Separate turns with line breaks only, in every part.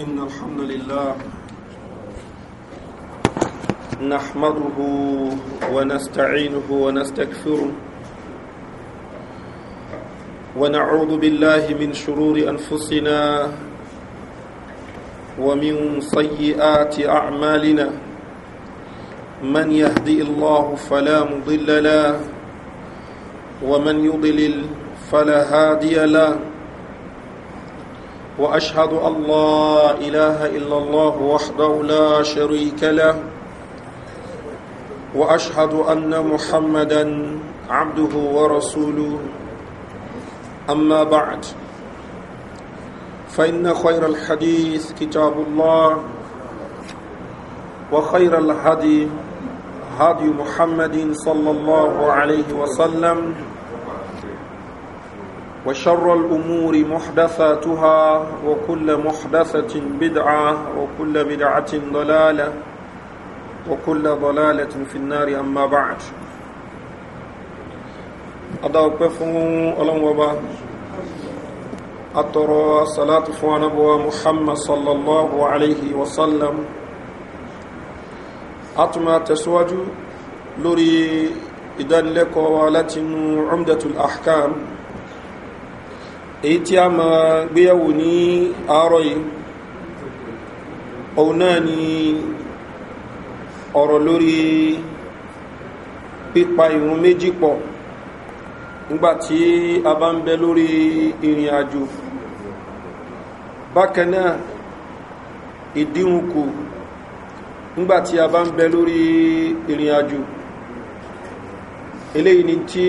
إن الحمد لله نحمده ونستعينه ونستكفره ونعوذ بالله من شرور أنفسنا ومن سيئات أعمالنا من يهدي الله فلا مضل له ومن يضلل فلا هادي له واشهد ان لا اله الا الله وحده لا شريك له واشهد ان محمدا عبده ورسوله اما بعد فان خير الحديث كتاب الله وخير الهدي هدي محمد صلى الله عليه وسلم وشر الأمور محدثاتها وكل محدثة بدعة وكل بدعة ضلالة وكل ضلالة في النار أما بعد أدعوكم ألم وبا أترى صلاة فوانبوى محمد صلى الله عليه وسلم أتما تسواج لري إذن لك ولتن عمدة الأحكام èyí tí a ma gbéyàwó ní àárọ̀ yìí òun náà ni ọ̀rọ̀ lórí pípa ìrún méjì pọ̀ nígbàtí a bá ń bẹ lórí ìrìn àjò bákanáà ìdíhunkù nígbàtí a bá ń bẹ lórí ìrìn àjò eléyìí ni tí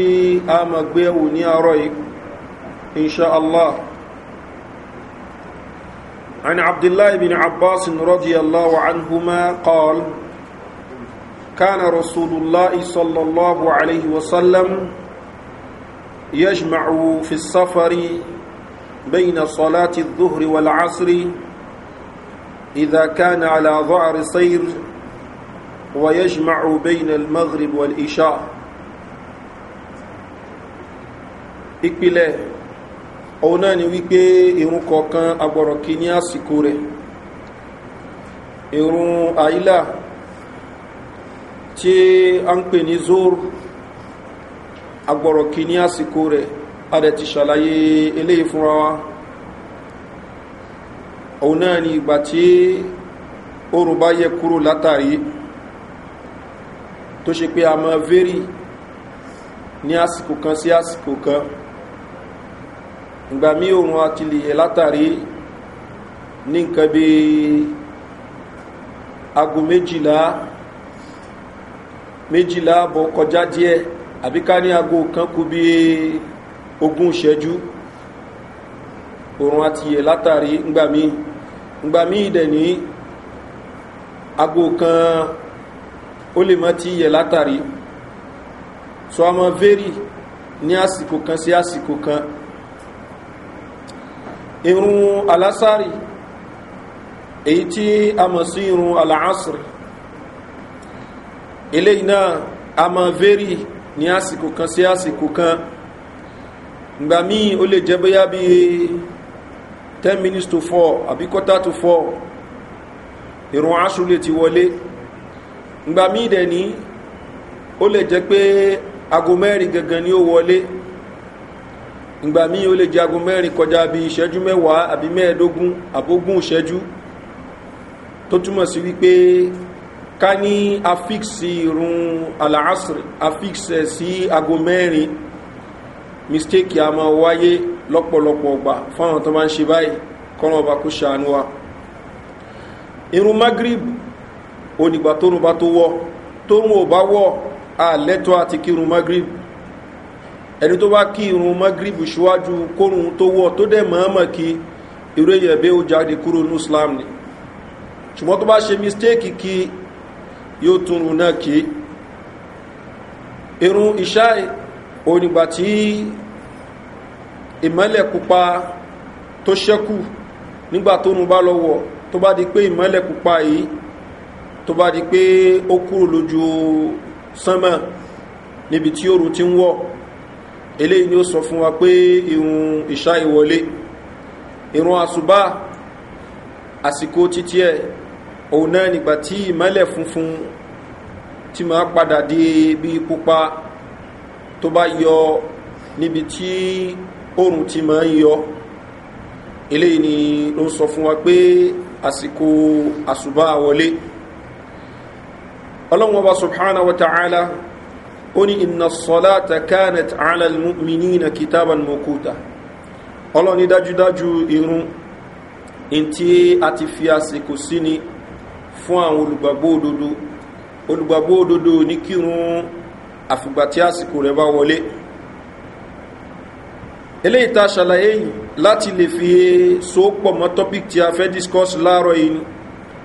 a ma gbéyàwó ní àárọ̀ yìí إن شاء الله عن عبد الله بن عباس رضي الله عنهما قال كان رسول الله صلى الله عليه وسلم يجمع في السفر بين صلاة الظهر والعصر إذا كان على ظهر صير ويجمع بين المغرب والإشاء إقبله òun náà ni wípé irun kọ̀ọ̀kan agbọ̀rọ̀ kí ní àsìkò rẹ̀ irun àílà tí a ń pè ní zoro agbọ̀rọ̀ kí ní àsìkò rẹ̀ a dẹ̀ ti ṣàlàyé eléyìí fúnra wa òun náà ni ìgbà tí oòrùn bá yẹ kúrò látàrí tó ṣe pé a mọ́ vérí ní àsìkò kan sí àsìkò kan, sí ìgbà mí òun akílìyè e látàrí ní nǹkan bí aago méjìlá méjìlá àbọ̀ kọjá díẹ̀ àbí ká ní aago kan kú bí ogún ìṣẹ́jú òun àti yè e látàrí ngbà mí ngbà mí ìdẹ̀ ní aago kan ó lè mọ́ ti yè látàrí so a mọ́ ní àsìkò kan sí àsìkò kan irun alásárì èyí tí a mọ̀ sí irun aláásìrì eléyìí náà a mọ̀ vérì ní àsìkò kan sí àsìkò kan ìgbà míì ó lè jẹ́ bóyá bí 10 minutes to 4 àbí quarter to 4 irun aṣù lè ti wọlé ìgbà míì dẹ̀ ní ó lè jẹ́ pé ago gangan ni ó wọlé ìgbà míì ó lè jẹ́ aago mẹ́rin kọjá bí ìṣẹ́jú mẹ́wàá àbí mẹ́ẹ̀ẹ́dógún àbógún ìṣẹ́jú tó túmọ̀ sí wípé ká ní afíksì irun alaasiri afíksì sí aago mẹ́rin mistake a máa wáyé lọ́pọ̀lọpọ̀ ọgbà fáwọn tó máa ń ṣe báyìí kọ́nà ọba kó ṣàánú wa irun magrib onígbà tóun bá tó wọ tóun ò bá wọ àlẹ́tọ́ àti kírun magrib ẹni tó bá kí irun magrib ṣíwájú kórun tó wọ̀ tó dẹ̀ mọ̀ọ́mọ̀ kí irú èyàn bẹ́ẹ̀ ó jáde kúrò ní islam ni ṣùgbọ́n tó bá ṣe mistake kí yóò tún irun náà kí irun iṣá onígbà tí ìmọ́lẹ̀ pupa tó ṣẹ́kù nígbà tó nu bá lọ́wọ́ tó bá di pé ìmọ́lẹ̀ pupa yìí tó bá di pé ó kúrò lójú sánmà níbi tí oòrùn ti ń wọ̀ eléyìí ni ó sọ fún wa pé irun ìṣá ìwọlé irun àṣùbá àsìkò títí ẹ̀ òun náà nígbà tí ìmọ́lẹ̀ funfun tí ma padà di bí pupa tó bá yọ níbi tí oòrùn ti ma ń yọ eléyìí ni ó sọ fún wa pé àsìkò àṣùbá wọlé ọlọ́run ọba subhanahu wa ta'ala ó ní iná sọ́lá takanat alalmini na kitaban mokuta ọlọ́ni dájúdájú irun in tí a ti fi àsìkò sí ni fún àwọn olùgbàgbó òdodo olùgbàgbó òdodo ní kírun àfìgbà tí àsìkò rẹ̀ bá wọlé eléyìí tá fi so pọ̀ mọ́ topic tí a fẹ́ discuss láàárọ̀ yìí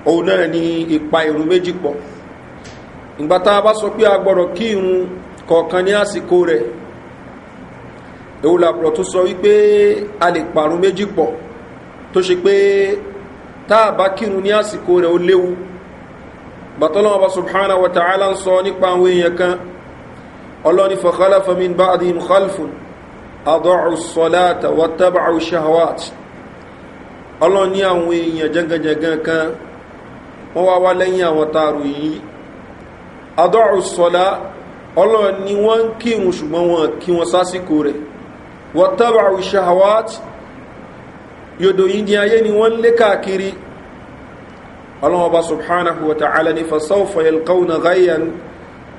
òun náà ni ipa irun méjì pọ̀ ìgbà tá a bá sọ pé irun kọ̀ọ̀kan ní àsìkò rẹ̀ ewúlàpọ̀ tó sọ wípé a lè pàrún méjì pọ̀ tó ṣe pé táàbá kírun ní àsìkò rẹ̀ ó léwu bàtọ́lọ́wọ́ bá subhana wa ta'ala ń sọ nípa àwọn èèyàn kan wọ́n wá wá lẹ́yìn àwọn tààrù yìí adọ́rù sọ́láta ọlọ́run ni wọ́n ń kírun ṣùgbọ́n wọn kí wọn sásìkò rẹ̀ wọ́n tábà ṣahawat yòdò yìí ayé ni wọ́n lé káàkiri ọlọ́run ọba subhanahu wa ta'ala ni fasaufa yalkauna ghayan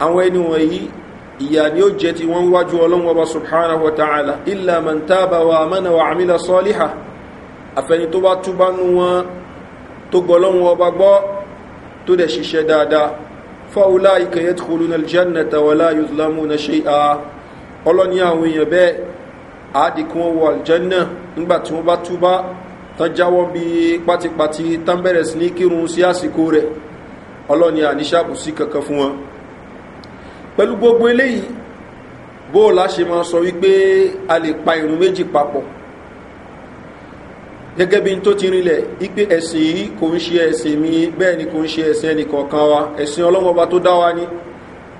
àwọn ẹni wọ̀nyí ìyà ni ó jẹ́ ti wọ́n wájú ọlọ́run bá túbánu wọn tó gbọ́ fáwọláìkà yẹ tukulu na aljanna tawala yuzlamu na ṣe a ọlọ́ni àwọn èèyàn bẹ́ẹ̀ àádìkún wọ aljanna nígbà tí wọ́n bá túbá tán jáwọ́ bí pátipáti tán bẹ̀rẹ̀ sí ní kírun sí àsìkò rẹ̀ ọlọ́ni àníṣàbù sí kankan fún wọn pẹ̀lú gbogbo eléyìí bóòlá ṣe máa sọ wípé a lè pa irun méjì papọ̀ gẹ́gẹ́ bí n tó ti rinlẹ̀ ipe ẹ̀sìn yìí kò ń ṣe ẹ̀sìn mi bẹ́ẹ̀ ni kò ń ṣe ẹ̀sìn ẹnìkọ̀ọ̀kan wa ẹ̀sìn ọlọ́wọ́ ọba tó dá wa ni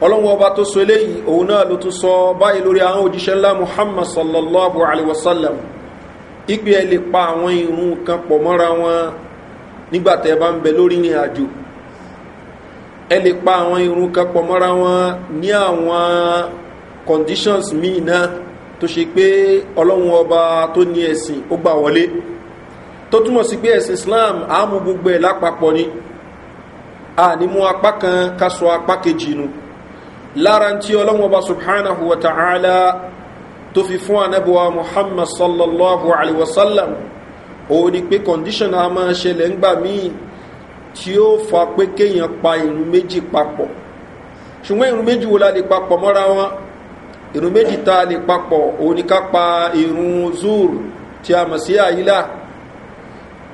ọlọ́wọ́ ọba tó so eléyìí òun náà ló tún sọ báyìí lórí àwọn òjíṣẹ́ ńlá muhammad sallallahu alaihi wasallam ipe ẹ lè pa àwọn irun kan pọ̀ mọ́ra wọn nígbà tẹ́ ẹ bá ń bẹ lórí àjò ẹ lè pa àwọn irun tó túmọ̀ sí pé ẹ̀sìn islam àmú gbogbo ẹ̀ lápapọ̀ ni a ní mú apá kan ká sọ apá kejì nu lára tí ọlọ́wọ́n bá subhanahu wa ta'ala tó fi fún anábíwá muhammad sallallahu alaihi wasallam òun ni pé condition a máa ṣẹlẹ̀ ń gbà míì tí ó fa pé kéèyàn pa irun méjì papọ̀ ṣùgbọ́n irun méjì wo la lè papọ̀ mọ́ra wọn irun méjì ta lè papọ̀ òun ni ká pa irun zuru tí a mọ̀ sí àyílá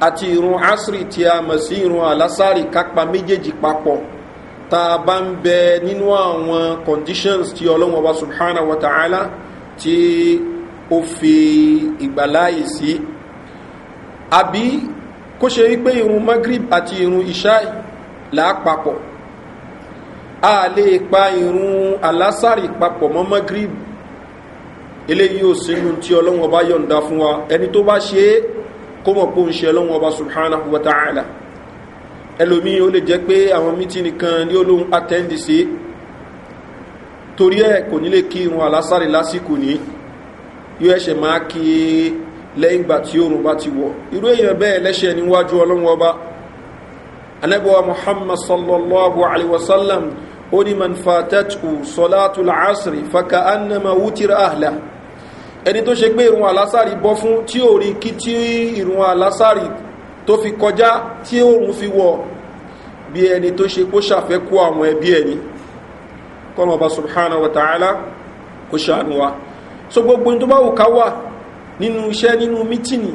àti irun asiri tí a mọ̀ sí irun alásàrì kápá méjèèjì papọ̀ tá a bá ń bẹ nínú àwọn conditions tí ọlọ́wọ́n wa subhana wa ta'ala tí ó fi ìgbàláyè sí àbí kó ṣe wípé irun magrib àti irun ishai láàpapọ̀ a lè pa irun alásàrì papọ̀ mọ́ magrib eléyìí ò sínú tí ọlọ́wọ́n bá yọ̀ǹda fún wa ẹni tó bá ṣe é kó mọ̀ pó ń ṣe lọ́wọ́ ọba subhanahu wa ta'ala ẹlòmí ó lè jẹ́ pé àwọn mítí nìkan ní olóhun attendee sí torí ẹ̀ kò nílé kí irun alásàrí lásìkò ní yóò ẹ̀ṣẹ̀ máa kí lẹ́yìn gbà tí oòrùn bá ti wọ̀ irú èèyàn bẹ́ẹ̀ lẹ́ṣẹ̀ níwájú ọlọ́wọ́ ọba anẹ́bọ̀wà muhammad sallallahu alaihi wasallam ó ní ẹni tó ṣe pé ìrùn àlásàrì bọ́ fún tí ò rí kí tí ìrùn àlásàrì tó fi kọjá tí òun fi wọ̀ bí ẹni tó ṣe kó ṣàfẹ́kú àwọn ẹbí ẹni kọ́nà ọba subhanahu wa ta'ala kó ṣàánú wa so gbogbo tó bá wù ká wà nínú iṣẹ́ nínú mítìnì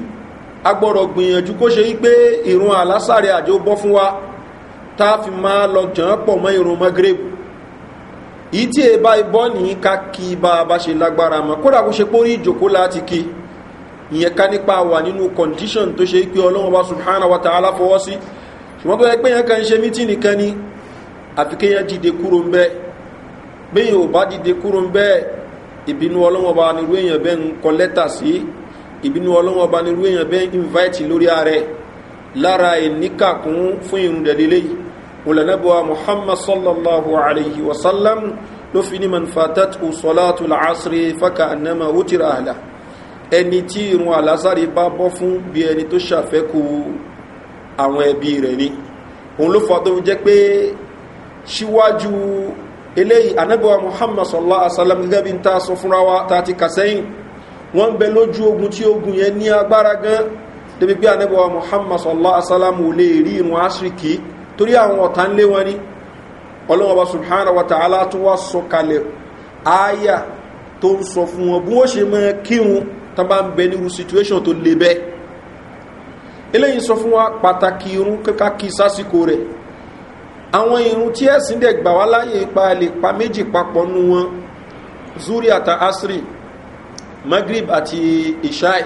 agbọ́rọ̀ gbìyànjú kó ṣe wípé ìrùn àlásàrì àjò bọ́ fún wa tá a fi máa lọ jàn pọ̀ mọ́ ìrùn mọ́gírèbù yìí tí èbá ibọ́ ní ká kí bá bá ṣe lágbára mọ́ kódà kó ṣe pórí ìjòkó láti kí ìyẹn ká nípa wà nínú condition tó ṣe pé ọlọ́run wa subhanahu wa ta'ala fọwọ́ sí ṣùgbọ́n tó yẹ pé yẹn kan ṣe mítí nìkan ni àfi kéèyàn dìde kúrò ń bẹ́ẹ̀ bẹ́yìn ò bá dìde kúrò ń bẹ́ẹ̀ ìbínú ọlọ́run wa nírú èèyàn bẹ́ẹ̀ ń kọ invite lórí ààrẹ lára ìníkàkún ولنبوى محمد صلى الله عليه وسلم لفن من فاتته صلاة العصر فكأنما وتر أهله ẹni tí irun àlásàrí bá bọ́ fún bí ẹni tó ṣàfẹ́kù àwọn ẹbí rẹ̀ ni òun ló fọ́ tó ń jẹ́ pé síwájú eléyìí anábíwá muhammad sallá asalam gẹ́gẹ́ bí n ta sọ fúnra wa ta ti kà sẹ́yìn wọ́n bẹ lójú ogun tí ogun yẹn ní agbára gan débi pé anábíwá muhammad sallá asalam ò lè rí irun asiriki torí àwọn ọ̀tá ń lé wọn ní ọlọ́wọ́ba subhanahu wa ta'ala tó wá sọ kalẹ̀ àyà tó ń sọ fún wọn bí wọ́n ṣe mọ́ kírun tó bá ń bẹ nírú situation tó le bẹ́ẹ̀ eléyìí sọ fún wa pàtàkì irun kíkà kí sásìkò rẹ̀ àwọn irun tí ẹ̀sìn dẹ̀ gbà wá láyé ipa lè pa méjì papọ̀ nú wọn zuri àti asri magrib àti ishai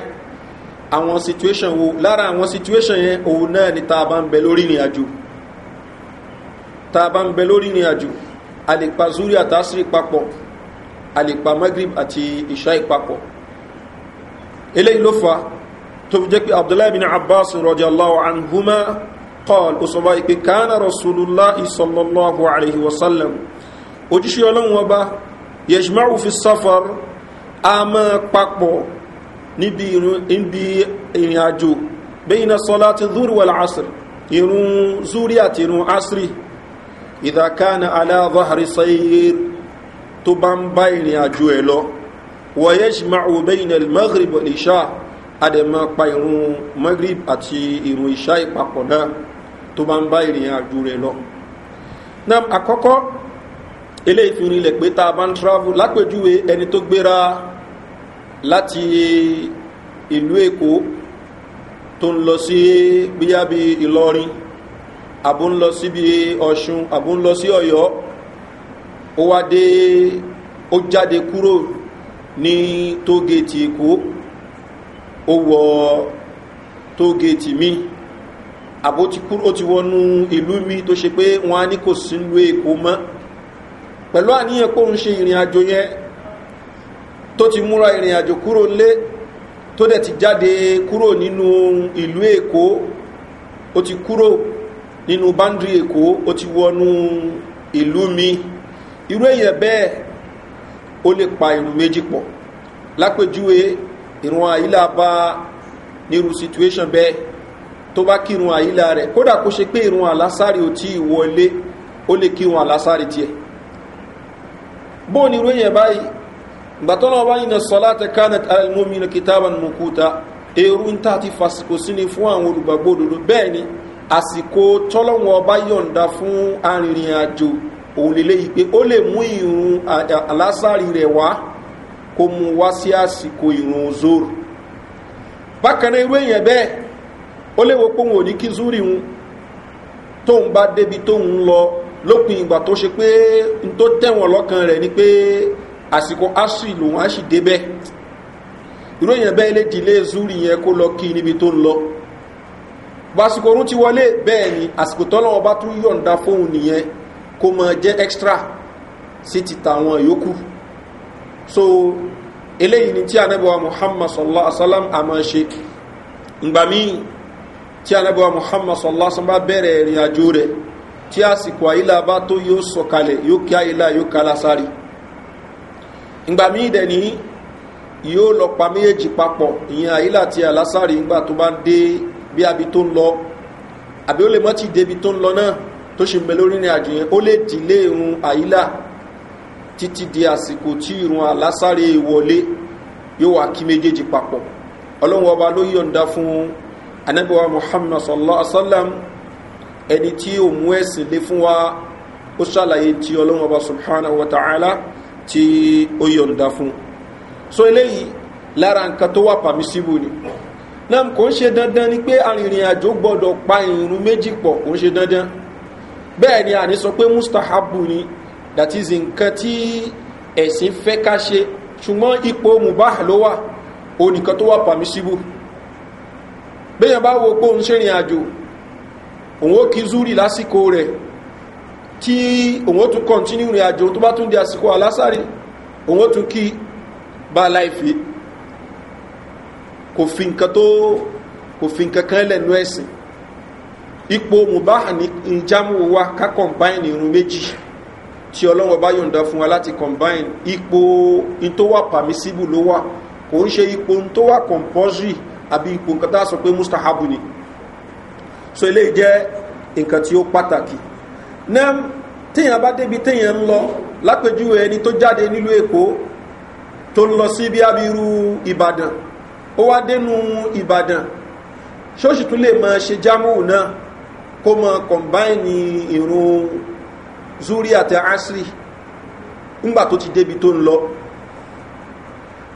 àwọn situation wo lára àwọn situation yẹn òun náà ni tá a bá ń bẹ lórí ìrìn àjò tá a bá ń bẹ lórí ìrìn àjò a lè pa zuri àtàsírí papọ̀ a lè pa magrib àti ìṣá ìpapọ̀ eléyìí ló fa tó fi jẹ́ pé abdullahi bin abbas rọ̀jàláwà anhuma qal osama ipe kánà rasulullah isallallahu alaihi wasallam ojúṣe ọlọ́run ọba yẹ̀ṣmáwù fi sáfar a máa papọ̀ níbi ìrìn àjò bẹ́yìn na sọ́lá ti zuri wal irun zuri àti irun asiri ìdàkánà aláàbáhàrí sayir tó bá ń bá ìrìn àjò ẹ̀ lọ wọ̀yẹ́ṣì máa wò bẹ́yìn el maghrib ìṣá àdẹ̀mọ́ pa ìrún maghrib àti ìrún ìṣá ìpapọ̀ náà tó bá ń bá ìrìn àjò rẹ̀ lọ náà àkọ́kọ́ ilé ìfìrin ilẹ̀ pé tá a bá ń travel lápèjúwe ẹni tó gbéra láti ìlú èkó tó ń àbò ń lọ síbi ọ̀ṣun àbò ń lọ sí ọ̀yọ́ ó wá dé ó jáde kúrò ní tógéètì èkó ó wọ tógéètì míì àbò ti kúrò ó ti wọnú ìlú mi tó ṣe pé wọn á ní kò sí ìlú èkó mọ́ pẹ̀lú àníyàn pé òun ṣe ìrìn àjò yẹn tó ti múra ìrìn àjò kúrò lé tó dẹ̀ ti jáde kúrò nínú ìlú èkó ó ti kúrò nínú báńdì èkó ó ti wọnú ìlú mi irú èyàn bẹ́ẹ̀ ó lè pa irun méjì pọ̀ lápèjúwe ìrùn àyílà bá nírú situation bẹ́ẹ̀ tó bá kírun àyílà rẹ̀ kódà kó ṣe pé ìrùn àlásárì ò tí wọlé ó lè kírun àlásárì tiẹ̀ bóò ní irú èyàn báyìí gbàtọ́nà wá ní sọ́látẹ̀ kánẹt alìmọ́mìnà kìtàbà nùkúta èrú ń tà ti fàsìkò sí ni fún àwọn olùgbàgbòdòdó bẹ́ẹ̀ ni àsìkò tọ́lọ́wọ́n ọba yọnda fún arìnrìn àjò òun lélẹ́yìí pé ó lè mú ìrùn alásàrì rẹ̀ wá kó mú wá sí àsìkò ìrùn irú èèyàn bẹ́ẹ̀ ó wo póhùn òní kí zúrì hun tóun bá débi lọ lópin ìgbà tó ṣe pé n tó tẹ̀wọ̀n lọ́kàn rẹ̀ ni pé àsìkò asri lòun á sì débẹ̀ lọ kí níbi tó lọ. gbàsìkò orun ti wọlé bẹ́ẹ̀ ni àsìkò tọ́lọ́wọ́ bá tún yọ̀ǹda fóun nìyẹn kó mọ jẹ́ extra sí ti tàwọn yòókù so eléyìí ni tí anábẹ́wà muhammad sallallahu alaihi wa sallam àmọ́ ṣe ngbà míì tí anábẹ́wà muhammad sallallahu alaihi wa sallam bá bẹ̀rẹ̀ ìrìn àjò rẹ̀ tí àsìkò àyílá bá tó yóò sọ̀kalẹ̀ yóò kí àyílá yóò kala sáré ngbà míì dẹ̀ ní yóò lọ pa méjèèjì papọ̀ ìyẹn àyílá ti àlásáré ngbà tó bá dé bí abi tó ń lọ àbí ó lè mọ́ ti débi tó ń lọ náà tó ṣe mẹ́ lórí ní àjò yẹn ó lè dìlé irun àyílà títí di àsìkò tí irun àlásáré wọlé yóò wá kí méjèèjì papọ̀ ọlọ́run ọba ló yọ̀ǹda fún anábíwá muhammad sallallahu alaihi wasallam ẹni tí ó mú ẹ̀sìn lé fún wa ó ṣàlàyé tí ọlọ́run ọba subhanahu wa ta'ala tí ó yọ̀ǹda fún so eléyìí lára nǹkan tó wà pàmísíbù ni náà kò ń ṣe dandan ni pé arìnrìn àjò gbọ́dọ̀ pa ìrún méjì pọ̀ kò ń ṣe dandan bẹ́ẹ̀ ni àní sọ pé mustahabu ni that is nǹkan tí ẹ̀sìn fẹ́ ká ṣe ṣùgbọ́n ipò mubah ló wà onìkan tó wà pàmísíbù bẹ́yàn bá wo pé òun ṣe rìn àjò òun ó kí zúrì lásìkò rẹ̀ tí òun ó tún kọ̀ntínú rìn àjò tó bá tún di àsìkò alásàrí òun ó tún kí bá láìfẹ́ kò fi nǹkan tó kò fi nǹkan kan lẹ́nu ẹ̀sìn ipò mùbáhà ní ìjámù wa ká kọ̀mbáìnì irun méjì tí ọlọ́wọ́ bá yọ̀ǹda fún wa láti kọ̀mbáìnì ipò in tó wà pàmísíbù ló wà kò ń ṣe ipò tó wà compulsory àbí ipò nǹkan tá a sọ pé mustahabu ni so ilé jẹ́ nǹkan tí ó pàtàkì náà téèyàn bá débi téèyàn ń lọ lápèjúwe ẹni tó jáde nílùú èkó tó ń lọ sí bí abirú ìbàdàn ó wá dénú ìbàdàn ṣóṣì tún lè mọ ṣe jámù náà kó mọ kọ̀m̀báìnì ìrún zuri àti asiri ńgbà tó ti débi tó ń lọ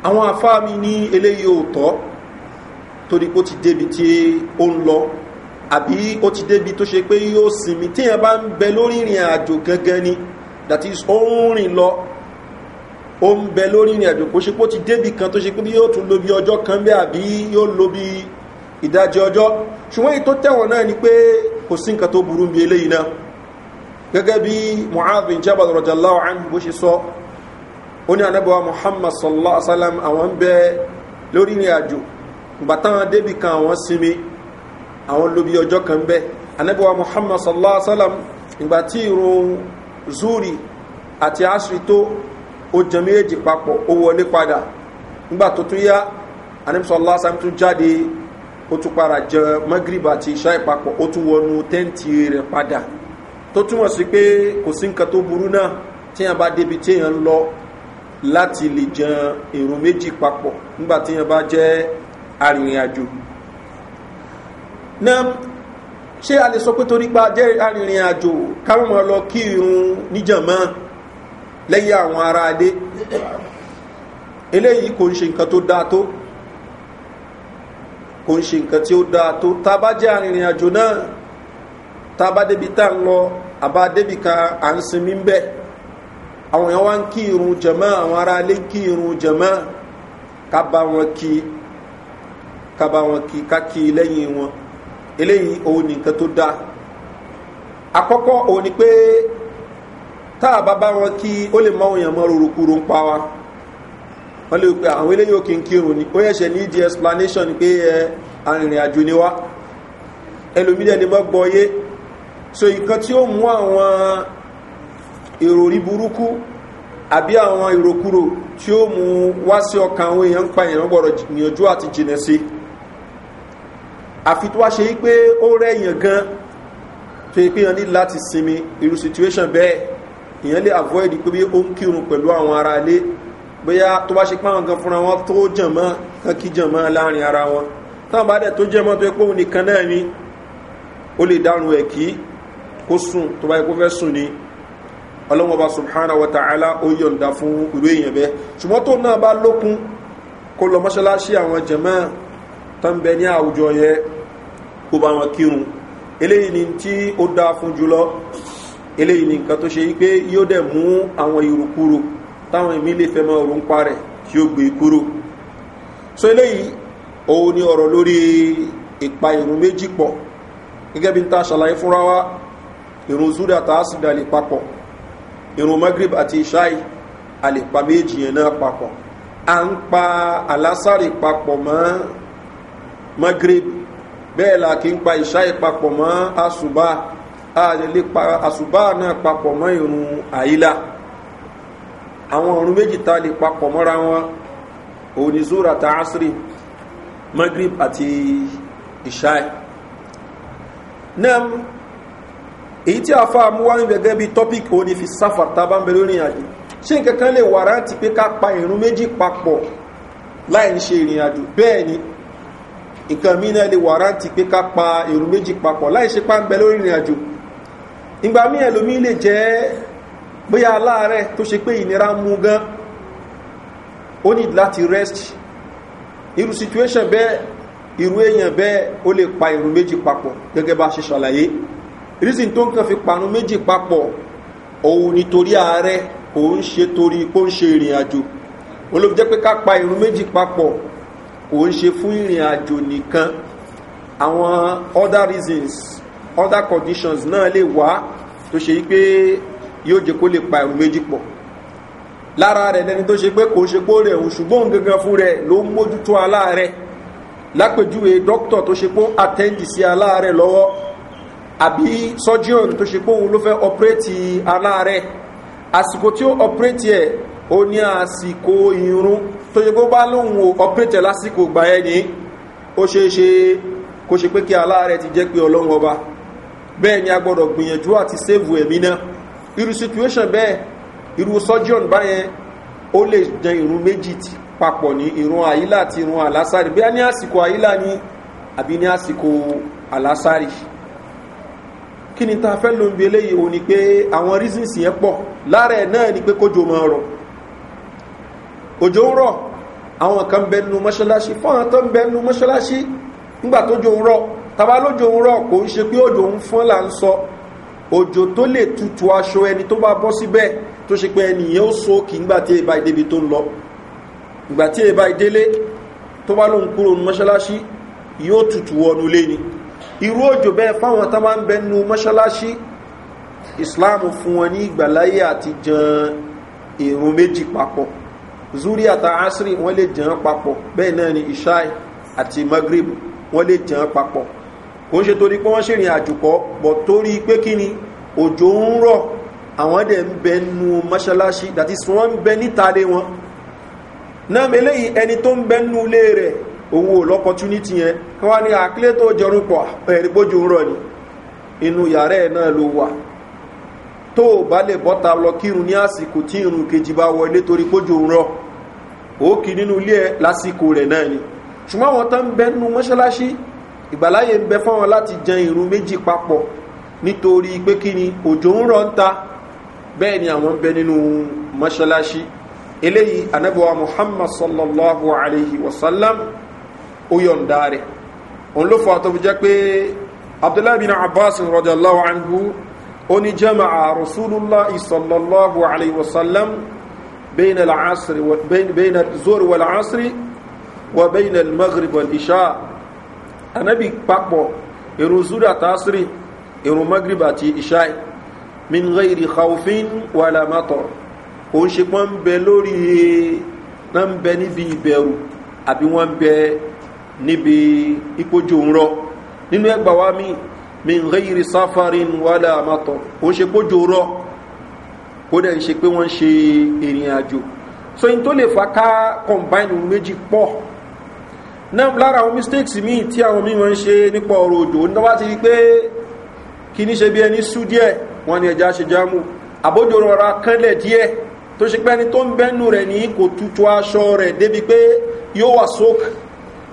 àwọn afáàmì ní eléyìí ò torí pé ó ti débi tí ó ń lọ àbí ó ti débi tó ṣe pé yóò sinmi téèyàn bá ń bẹ lórí ìrìn àjò gangan ni that is ó ń rìn lọ ó ń bẹ lórí ìrìn àjò kó ṣe pó ti débì kan tó ṣe pé yóò tún lo bí ọjọ́ kan bẹ́ àbí yóò lo bí ìdajì ọjọ́ ṣùgbọ́n èyí tó tẹ̀wọ̀n náà ni pé kò sí nǹkan tó burú bí eléyìí náà gẹ́gẹ́ bí muhammed jabal rajallahu anhu bó ṣe sọ ó ní anábọ̀wá muhammad sallallahu alaihi wasallam àwọn ń bẹ lórí ìrìn àjò ìgbà táwọn débì kan àwọn sinmi àwọn lo bí ọjọ́ kan bẹ́ anábọ̀wá muhammad sallallahu alaihi wasallam ìgbà tí ìrùn zuri àti asri tó ó jẹ méjèèjì papọ̀ ó wọlé padà nígbà tó tún yá anamsọ́lá sam tún jáde ó tún para jẹ magreba àti iṣẹ́ ìpapọ̀ ó tún wọnú tẹ́ǹtì rẹ̀ padà tó túmọ̀ sí pé kò sí nǹkan tó burú náà téèyàn bá débi téèyàn lọ láti lè jẹ èrò méjì papọ̀ nígbà téèyàn bá jẹ́ arìnrìn náà ṣé a lè sọ pé torí pa jẹ́ arìnrìn-àjò káwọn lọ kí irun níjàmọ́ lẹ́yìn àwọn ará alé eléyìí kò ń ṣe nǹkan tó dáa tó kò ń ṣe nǹkan tí ó dáa tó tá a bá jẹ́ arìnrìn àjò náà tá a bá débi tá a ń lọ àbá débi kan à ń sinmi ń bẹ̀ àwọn èèyàn wá ń kí irun jẹ̀mọ́ àwọn ará alé ń kí irun jẹ̀mọ́ ká bá wọn kí ká bá wọn kí ká kí lẹ́yìn wọn eléyìí òun nìkan tó dáa àkọ́kọ́ òun ni pé tá a bá bá wọn kí ó lè mọ òyìnbó rorokuro ń pa wa wọ́n lè pe àwọn eléyìí ò kí n kírun ni ó yẹ̀ṣẹ̀ ní di explanation pé ẹ arìnrìn àjò ni wá ẹlòmídẹ̀ ni wọ́n gbọ́ yé so nǹkan tí ó mú àwọn èrò rí burúkú àbí àwọn èròkúrò tí ó mú wá sí ọkàn àwọn èèyàn ń pa èèyàn gbọ́dọ̀ níyànjú àti jìnà sí àfi tó wá ṣe wípé ó rẹ̀yàn gan tó yẹ pé yàn ní láti sinmi irú situation bẹ́ẹ̀ èèyàn lè avoid pé bí ó ń kírun pẹ̀lú àwọn ará ilé bóyá tó bá ṣe pé àwọn kan fúnra wọn tó jẹ̀mọ́ kan kí jẹ̀mọ́ láàrin ara wọn táwọn bá dẹ̀ tó jẹ̀mọ́ tó yẹ pé òun nìkan náà ni ó lè dárun ẹ̀ kí kó sùn tó bá yẹ kó fẹ́ sùn ni ọlọ́wọ́n bá subhana wa ta'ala ó yọ̀ǹda fún ìlú èèyàn bẹ́ẹ̀ ṣùgbọ́n tó náà bá lókun kó lọ mọ́ṣáláṣí àwọn jẹ̀mọ́ tó ń bẹ ní àwùjọ yẹ kó bá wọn kírun eléyìí ni tí ó dáa fún jùlọ eléyìí ni nǹkan tó ṣe wípé yóò dẹ̀ mú àwọn ìrùkúrò táwọn èmi lè fẹ́ mọ́ òun parẹ̀ tí ó gbé kúrò so eléyìí òun ni ọ̀rọ̀ lórí ìpa ìrùn méjì pọ̀ gẹ́gẹ́ bí n ta ṣàlàyé fúnra wa ìrùn zúdà tá a sì dalè papọ̀ ìrùn magrib àti ìṣáì àlèpa méjì yẹn náà papọ̀ à ń pa alásàrè papọ̀ mọ́ magrib bẹ́ẹ̀ la kí ń pa ìṣáì papọ̀ mọ́ àṣùbà àlèlè pa àṣùbá náà papọ̀ mọ́ ìrùn àyílá àwọn ọ̀run méjì ta lè papọ̀ mọ́ra wọn òun ta asiri magrib àti ishai náà èyí tí a fa amúwá ń gẹ́gẹ́ bí topic òun ni fi sáfà tábà ń bẹ̀rẹ̀ ìrìn àjò ṣé nǹkan kan lè wàrà ti pé ká pa ìrùn méjì papọ̀ láì ń ṣe ìrìn bẹ́ẹ̀ ni nǹkan mìíràn lè wàrà ti pé ká pa ìrùn méjì papọ̀ láì ṣe pá ń bẹ lórí ìgbà mí ẹlòmí lè jẹ́ bóyá aláàrẹ tó ṣe pé ìnira mú gan ó ní láti rest irú situation bẹ́ẹ̀ irú èèyàn bẹ́ẹ̀ ó lè pa irun méjì papọ̀ gẹ́gẹ́ bá ṣe ṣàlàyé reason tó ń kàn fi parun méjì papọ̀ òun nítorí ààrẹ kò ń ṣe torí kó ń ṣe ìrìn àjò òun ló fi jẹ́ pé ká pa irun méjì papọ̀ kò ń ṣe fún ìrìn àjò nìkan àwọn other reasons other conditions náà lè wá tó ṣe yí pé yóò jẹ́ kó lè pa ẹ̀rù méjì pọ̀ lára rẹ̀ lẹni tó ṣe pé kò ṣe pó rẹ̀ òun ṣùgbọ́n gangan fún rẹ̀ ló ń mójútó aláàrẹ̀ lápèjúwe dókítà tó ṣe pó àtẹ́ǹdì sí aláàrẹ̀ lọ́wọ́ àbí surgeon tó ṣe pó òun ló fẹ́ ọpẹ́rẹ́tì aláàrẹ̀ àsìkò tí ó ọpẹ́rẹ́tì ẹ̀ ó ní àsìkò irun tó ṣe pó bá lóhun ọpẹ́rẹ́tì lásìkò gbà ẹ̀ ó ṣeéṣe kó ṣe pé kí aláàrẹ̀ ti jẹ́ pé ọlọ́run ọba bẹ́ẹ̀ ni a gbọ́dọ̀ gbìyànjú àti save ẹ̀mí náà irú situation bẹ́ẹ̀ irú surgeon báyẹn ó lè jẹ irun méjì papọ̀ ní irun àyílà àti irun àlásárì bí a ní àsìkò àyílà ní àbí ní àsìkò àlásárì kí ni ta fẹ́ ló ń bi eléyìí o ni pé àwọn reasons yẹn pọ̀ lára ẹ̀ náà ni pé kójò máa rọ̀ òjò ń rọ̀ àwọn kan bẹnu mọ́ṣáláṣí fún àwọn tó ń bẹnu mọ́ṣáláṣí nígbà tójò ń rọ̀ tàbá lójò ń rọ̀ kò ń ṣe pé òjò ń fún là ń sọ òjò tó lè tutù aṣọ ẹni tó bá bọ́ síbẹ̀ tó ṣe pé ẹnìyàn ó so kì ńgbà tí èèbá ìdébi tó ń lọ ìgbà tí èèbá ìdélé tó bá lóun kúrò ní mọ́ṣáláṣí yóò tutù wọnú lé ni irú òjò bẹ́ẹ̀ fáwọn tó máa ń bẹ nu mọ́ṣáláṣí islam fún wọn ní ìgbàláyé àti jan èrún méjì papọ̀ zuri àti asiri wọ́n lè jan papọ̀ bẹ́ẹ̀ náà ni ishai àti maghrib wọ́n lè jan papọ̀ kò ń ṣe torí pé wọ́n ṣèrìn àjò bọ̀ torí pé kí ni òjò ń rọ̀ àwọn dẹ̀ ń bẹ nu mọ́ṣáláṣí that is wọ́n ń bẹ níta lé wọn náà meléyìí ẹni tó ń bẹ nu ilé rẹ̀ owó lọ́pọ̀túnítì yẹn kí wọ́n ní àkílẹ̀ tó jọrún pọ̀ ẹ̀rí pójú ń rọ̀ ni inú yàrá ẹ̀ náà ló wà tó o bá lè bọ́ta lọ kírun ní àsìkò tí irun kejì bá wọlé torí pójú ń rọ̀ ó nínú ilé ẹ̀ lásìkò rẹ̀ náà ni ṣùgbọ́n àwọn tó ń bẹ nu mọ́ṣáláṣí ìgbàláyè ń bẹ fáwọn láti jẹ ìrún méjì papọ̀ nítorí pé kí ni òjò ń rọ̀ ń ta bẹ́ẹ̀ ni àwọn ń bẹ nínú mọ́ṣáláṣí eléyìí anábíwá muhammad sallallahu alayhi wa sallam ó yọ̀ǹda rẹ̀ òun ló fọ́ àtọ́fù jẹ́ pé abdullahi bin abbas rọ̀jọ̀lá anhu ó ní jama'a rasulullah sallallahu alayhi wa sallam bẹ́ẹ̀ na zori wa la'asiri maghrib wa isha' anábì papọ̀ èrò zúdà tásírì èrò magrib àti ìṣáì min ghairi khawfin wala matar ó ń ṣe pọ́n ń bẹ lórí náà ń bẹ níbi ìbẹ̀rù àbí wọ́n ń bẹ níbi ìpójú òǹrọ̀ nínú ẹgbà wa mi min ghairi safarin wala matar ó ń ṣe pójú òǹrọ̀ kó dẹ̀ ń ṣe pé wọ́n ń ṣe ìrìn àjò so in tó lè fa ká combine méjì pọ̀ náà lára àwọn mistakes míì tí àwọn míì wọ́n ń ṣe nípa ọ̀rọ̀ òjò ní wá ti rí pé kí ní ṣe bí ẹni sú díẹ̀ wọ́n ni ẹja ṣe jámù àbójò rọra kánlẹ̀ díẹ̀ tó ṣe pẹ́ni tó ń bẹ́nu rẹ̀ ní kò tútù aṣọ rẹ̀ débi pé yóò wà sók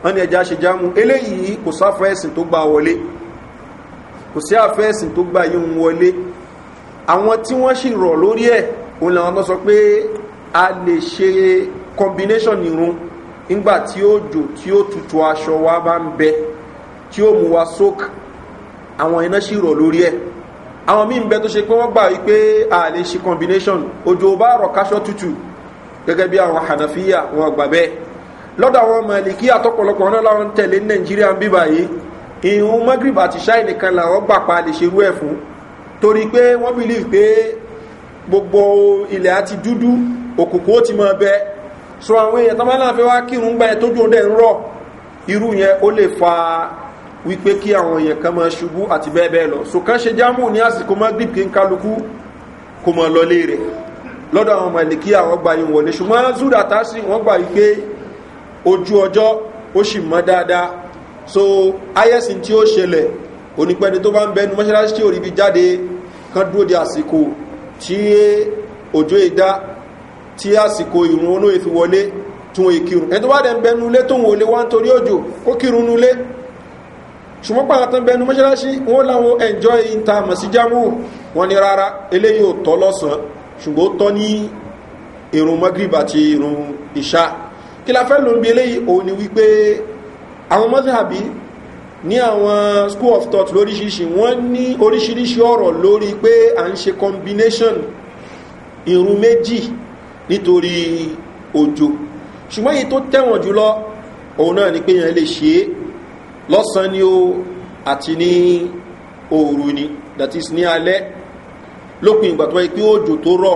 wọ́n ni ẹja ṣe jámù eléyìí kò sáfẹ́ ẹ̀sìn tó gba wọlé kò sí àfẹ́ ẹ̀sìn tó gba yóò wọlé àwọn tí wọ́n sì rọ̀ lórí ẹ̀ òun làwọn tó sọ pé a lè ṣe combination irun ńgbà tí ó jò tí ó tutù aṣọ wa bá ń bẹ tí ó mú wa sók àwọn iná sì rọ̀ lórí ẹ̀ àwọn míì ń bẹ tó ṣe pé wọ́n gbà wípé a lè ṣe combination òjò bá rọ̀ káṣọ tutù gẹ́gẹ́ bí àwọn hànàfíà wọn gbà bẹ́ẹ̀ lọ́dọ̀ àwọn mọ̀lìkí àtọ́pọ̀lọpọ̀ ọ̀nà láwọn tẹ̀lé nàìjíríà ń bíbà yìí ìhun magrib àti ṣáì nìkan làwọn gbà pa lè ṣerú ẹ̀ fún torí pé wọ́n bìlì pé gbogbo ilẹ̀ àti dúdú òkùnkùn ó ti mọ bẹ́ẹ̀ so àwọn èèyàn tán bá láàfẹ́ wá kírun gbá ẹ tójú ọdẹ ń rọ irú yẹn ó lè fa wípé kí àwọn èèyàn kan máa ṣubú àti bẹ́ẹ̀ bẹ́ẹ̀ lọ so kán ṣe jámù ní àsìkò mọ́ gbìp kí n kálukú kó mọ lọlé rẹ̀ lọ́dọ̀ àwọn ọmọ ìlẹ̀kí àwọn gba yìí wọlé ṣùgbọ́n zúdà tá sí wọ́n gbà wípé ojú ọjọ́ ó sì mọ́ dáadáa so ayẹ́sì tí ó ṣẹlẹ̀ onípẹ́ni tó bá ń bẹnu mọ́ṣáláṣí tí ò rí bí jáde kan dúró di àsìkò tí òjò ìdá tí àsìkò ìrùn olóò fi wọlé tún ìkírùn ẹni tó bá dẹ̀ ń bẹnu ilé tó ń wọlé wá nítorí òjò kó kírun nu ilé ṣùgbọ́n pàtàkì tán bẹnu mọ́ṣáláṣí wọ́n láwọn ẹ̀njọ́ ìta mọ̀ jámù wọn ni rárá eléyìí ò tọ́ lọ́sàn ṣùgbọ́n tọ́ ní ìrùn magrib àti ìrùn school of thought lóríṣiríṣi wọ́n ní oríṣiríṣi ọ̀rọ̀ lórí combination ìrùn nítorí òjò ṣùgbọ́n èyí tó tẹ̀wọ̀n jùlọ òun náà ni pé yẹn lè ṣe é lọ́sàn ni ó àti ní òòrùn ni that is ní alẹ́ lópin ìgbà tó wáyé pé òjò tó rọ̀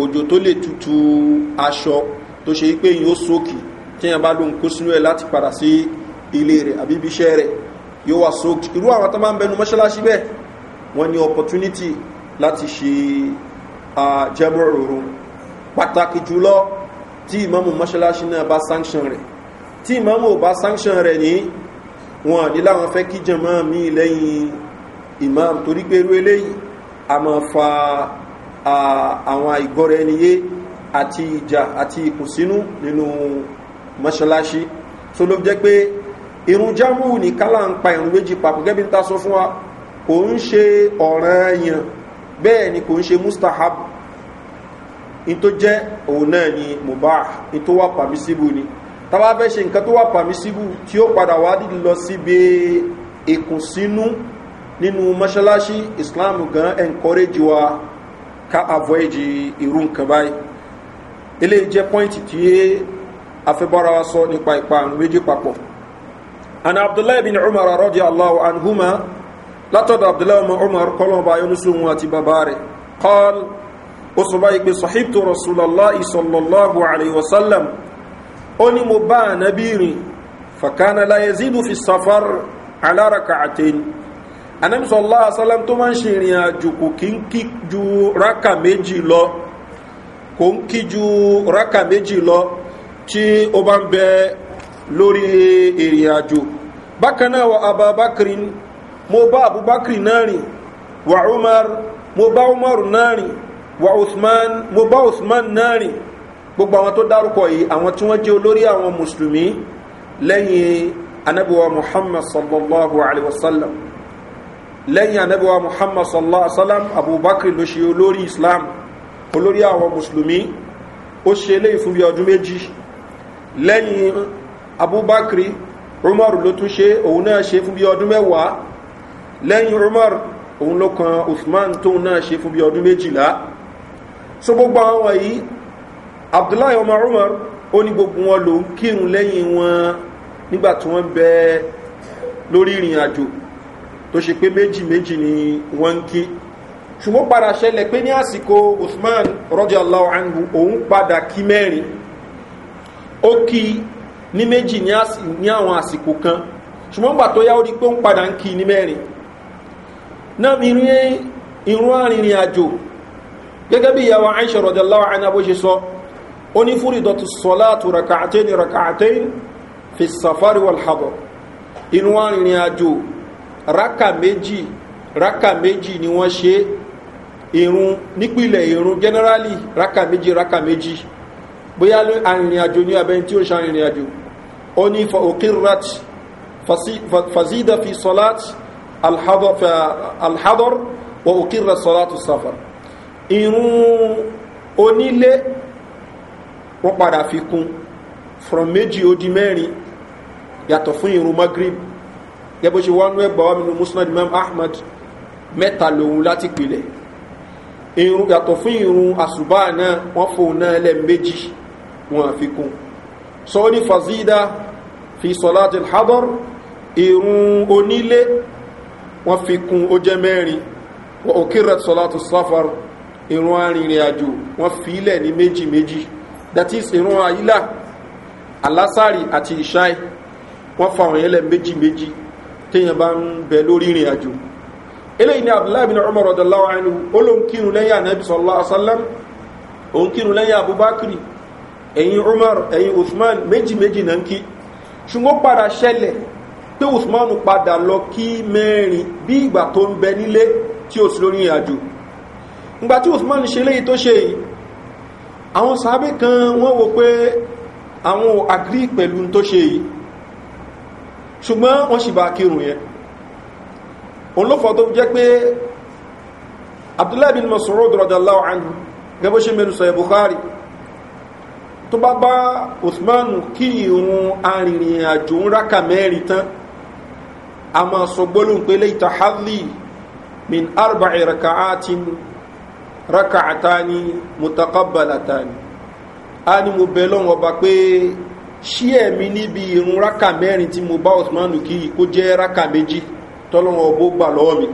òjò tó lè tutù aṣọ tó ṣe pé yìí ó sókì tí yẹn bá lóhun kó sínú ẹ láti padà sí ilé rẹ̀ àbí ibi iṣẹ́ rẹ̀ yóò wá sókì irú àwọn tó máa ń bẹnu mọ́ṣáláṣí bẹ́ẹ̀ wọ́n ní opportunity láti ṣe àjẹmọ́ ah, òòrùn pàtàkì jùlọ tí ìmọ̀mù mọ́ṣáláṣí náà bá sanction rẹ̀ tí ìmọ̀mù ò bá sanction rẹ̀ ní wọn ní láwọn fẹ́ kí jẹmọ́ mi lẹ́yìn imam torí pé irú a máa fa àwọn ìgbọ́rẹ̀ ẹniyé àti ìjà àti ìkùnsínú nínú mọ́ṣáláṣí tó ló jẹ́ pé irun jámù ní kálá ń pa irun méjì papọ̀ gẹ́bí ń ta fún wa kò ń ṣe ọ̀ràn yàn bẹ́ẹ̀ ni kò ń ṣe mustahab in tó jẹ́ òun náà ni mubah in tó wà pàmísíbù ni tàbá fẹ́ ṣe nǹkan tó wà pàmísíbù tí ó padà wá dì lọ síbi ìkùnsínú nínú mọ́ṣáláṣí islam gan encourage wa ká avoid irú nǹkan báyìí ilé jẹ́ pọ́ìntì tí afẹ́bára wa sọ nípa ipa méjì papọ̀ ana abdullahi bin umar rọ́dí allahu anhuma látọ̀dọ̀ abdullahi bin umar kọlọ̀ọ̀bá yọ́nusùn àti bàbá rẹ̀ kọ́lù ó sọ báyìí pé sọ̀hìbtò rasulallah ìsọ̀lọ́lọ́hu àríwọ̀sálàm ó ní mo bá ànábì rìn fàkánà láyé zidu fi safar alárakà àtẹni ànábì sọ̀lá àsálàm tó máa ń ṣe ìrìn àjò kò kí ń kí ju rákà méjì lọ kò ń kí ju rákà méjì lọ tí ó bá ń bẹ lórí ìrìn àjò bákan náà wà abubakar mo bá abubakar náà rìn wà umar mo bá umar náà rìn wa uthman mo bá uthman náà rìn gbogbo àwọn tó dárúkọ yìí àwọn tí wọ́n jẹ́ olórí àwọn mùsùlùmí lẹ́yìn anabiwa muhammad sallallahu alaihi wasallam lẹ́yìn anabiwa muhammad sallallahu alaihi wasallam abubakar ló ṣe olórí islam olórí àwọn mùsùlùmí ó ṣe léyìn fún bí ọdún méjì lẹ́yìn abubakar umar ló tún ṣe òun náà ṣe fún bí ọdún mẹ́wàá lẹ́yìn umar òun ló kan uthman tóun náà ṣe fún bí ọdún méjìlá so gbogbo àwọn wọ̀nyí abdullahi ọmọ umar ó ní gbogbo wọn ló ń kírun lẹ́yìn wọn nígbà tí wọ́n bẹ lórí ìrìn àjò tó ṣe pé méjì méjì ni wọ́n ń kí ṣùgbọ́n padà ṣẹlẹ̀ pé ní àsìkò usman rọ́jà aláwọ̀ anhu òun padà kí mẹ́rin ó kí ní méjì ní àwọn àsìkò kan ṣùgbọ́n gbà tó yá ó rí pé ó ń padà ń kí ní mẹ́rin náà mi rí irun arìnrìn àjò gẹ́gẹ́ bí ìyàwó aisha rọ̀dẹ̀láwà anábó ṣe sọ ó ní fúrí dọ̀tù sọ́látù raka'atain raka'atain fi safari wal habo inú wọn rìnrìn àjò raka méjì raka méjì ni wọ́n ṣe irun nípìnlẹ̀ irun generally raka méjì raka méjì bóyá arìnrìn àjò ní abẹ́ni tí ó ṣe arìnrìn àjò ó ní fa fazida fi sọ́lát alhador wa òkìrat sọ́látù safari irun onílé wọ́n padà fi kún from méjì ó di mẹ́rin yàtọ̀ fún irun magrib gẹ́bó ṣe wọ́n ẹgbà wà nínú musnad imam ahmad mẹ́ta lòun láti pìlẹ̀ irun yàtọ̀ fún irun àṣùbá náà wọ́n fòun náà lẹ́ méjì wọ́n fi kún sọ ní fazida fi sọláàtì hadar irun onílé wọ́n fi kún ó jẹ́ mẹ́rin wọ́n òkèrè sọláàtì safar ìrún arìnrìn àjò wọ́n fi ilẹ̀ ní méjì méjì that is ìrún àyílà alásàrì àti ìṣáì wọ́n fa àwọn ẹlẹ́ méjì méjì téèyàn bá ń bẹ lórí ìrìn àjò eléyìí ni abdullahi bin umar radallahu anhu ó ló ń kírun lẹ́yìn anabi sallallahu alaihi wasallam ó ń kírun lẹ́yìn abubakar ẹ̀yìn umar ẹ̀yìn uthman méjì méjì náà ń kí ṣùgbọ́n padà ṣẹlẹ̀ lórí ìrìn àjò ìgbà tí usman ṣe léyìí tó ṣe yìí àwọn sàábé kan wọ́n wo pé àwọn ò agrí pẹ̀lú tó ṣe yìí ṣùgbọ́n wọ́n sì bá kírùn yẹn òun ló fọ́ tó jẹ́ pé abdullahi bin masoud àánú gẹ́bọ́ ṣe mẹ́nu sọ̀yẹ̀ buhari tó bá bá usman kí ìrun arìnrìn àjò ń rákà mẹ́rin tán a máa sọ gbólóhùn pé lè tàhálì min arba'i raka'atin rákàtàní mutakabalatani a ní mo bẹ lọ́wọ́ ọba pé ṣí ẹ̀mí níbi irun raka mẹ́rin tí mo bá osman kí kó jẹ́ raka méjì tọ́lọ́wọ́ gbà lọ́wọ́ mi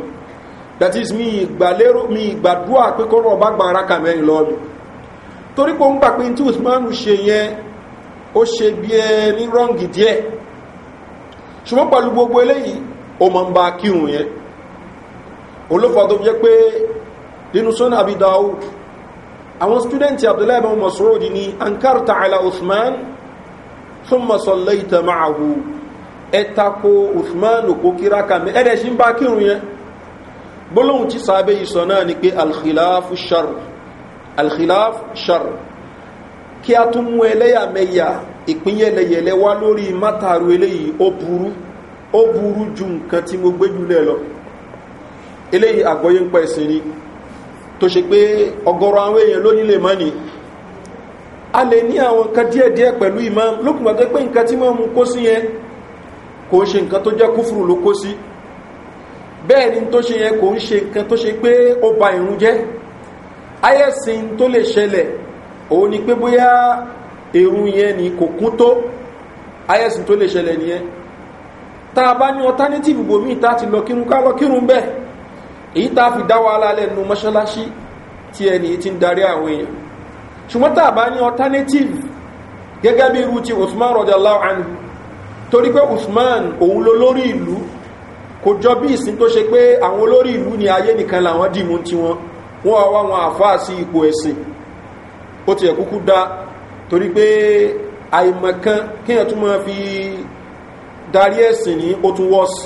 that is mi ìgbàlérò mi ìgbàdúrà pé bá gba raka mẹ́rin lọ́wọ́ mi torí pé ó ń gbà pé tí osman ṣe yẹn ó ṣe bí ba kírun yẹn tó fi nínú sọ́nà àbí dáwùd àwọn stúdẹ̀ntì abdullahi ibn masroodi ni an karta ala usman tún masọ̀lẹ̀ ìtàmáàwò ẹ̀tàkó usman òkú kíráka mẹ́ ẹ̀dẹ̀ sí ń bá kírun yẹn gbólóhùn tí sàábé ìsọ náà ni pé alkhilafu shar alkhilaf shar kí a tún mú ẹlẹ́yàmẹ́yà ìpínyẹlẹyẹlẹ wá lórí mátàrú eléyìí àgbọ́yé ń pẹ̀ ni tó ṣe pé ọgọ́rọ̀ àwọn èèyàn ló nílè mọ́ni a lè ní àwọn nǹkan díẹ̀díẹ̀ pẹ̀lú imam lókùn gbàgbé pé nǹkan tí mọ́mú kó sí yẹn kò ń ṣe nǹkan tó jẹ́ kúfùrù ló kó sí bẹ́ẹ̀ ni tó ṣe yẹn kò ń ṣe nǹkan tó ṣe pé ó ba ìrún jẹ́ ayẹ́sìn tó lè ṣẹlẹ̀ òun ni pé bóyá èrún yẹn ni kò kún tó ayẹ́sìn tó lè ṣẹlẹ̀ nìyẹn tá a bá ní alternative bòmí ìta ti lọ kírun ká lọ kírun èyí tá a fi dá wàhálà lẹ́nu mọ́ṣáláṣí tí ẹni tí ń darí àwọn èèyàn ṣùgbọ́n tá a bá ní alternative gẹ́gẹ́ bí irú ti usman rọ̀jàláwà anhu torí pé usman òun ló lórí ìlú kò jọ bí ìsìn tó ṣe pé àwọn olórí ìlú ni ayé nìkan làwọn dìmú tí wọn wọn wá wọn àfáà sí ipò ẹ̀sìn ó ti ẹ̀kúkú dá torí pé àìmọ̀kan kíyàn tún máa fi darí ẹ̀sìn ní ó tún wọ́sì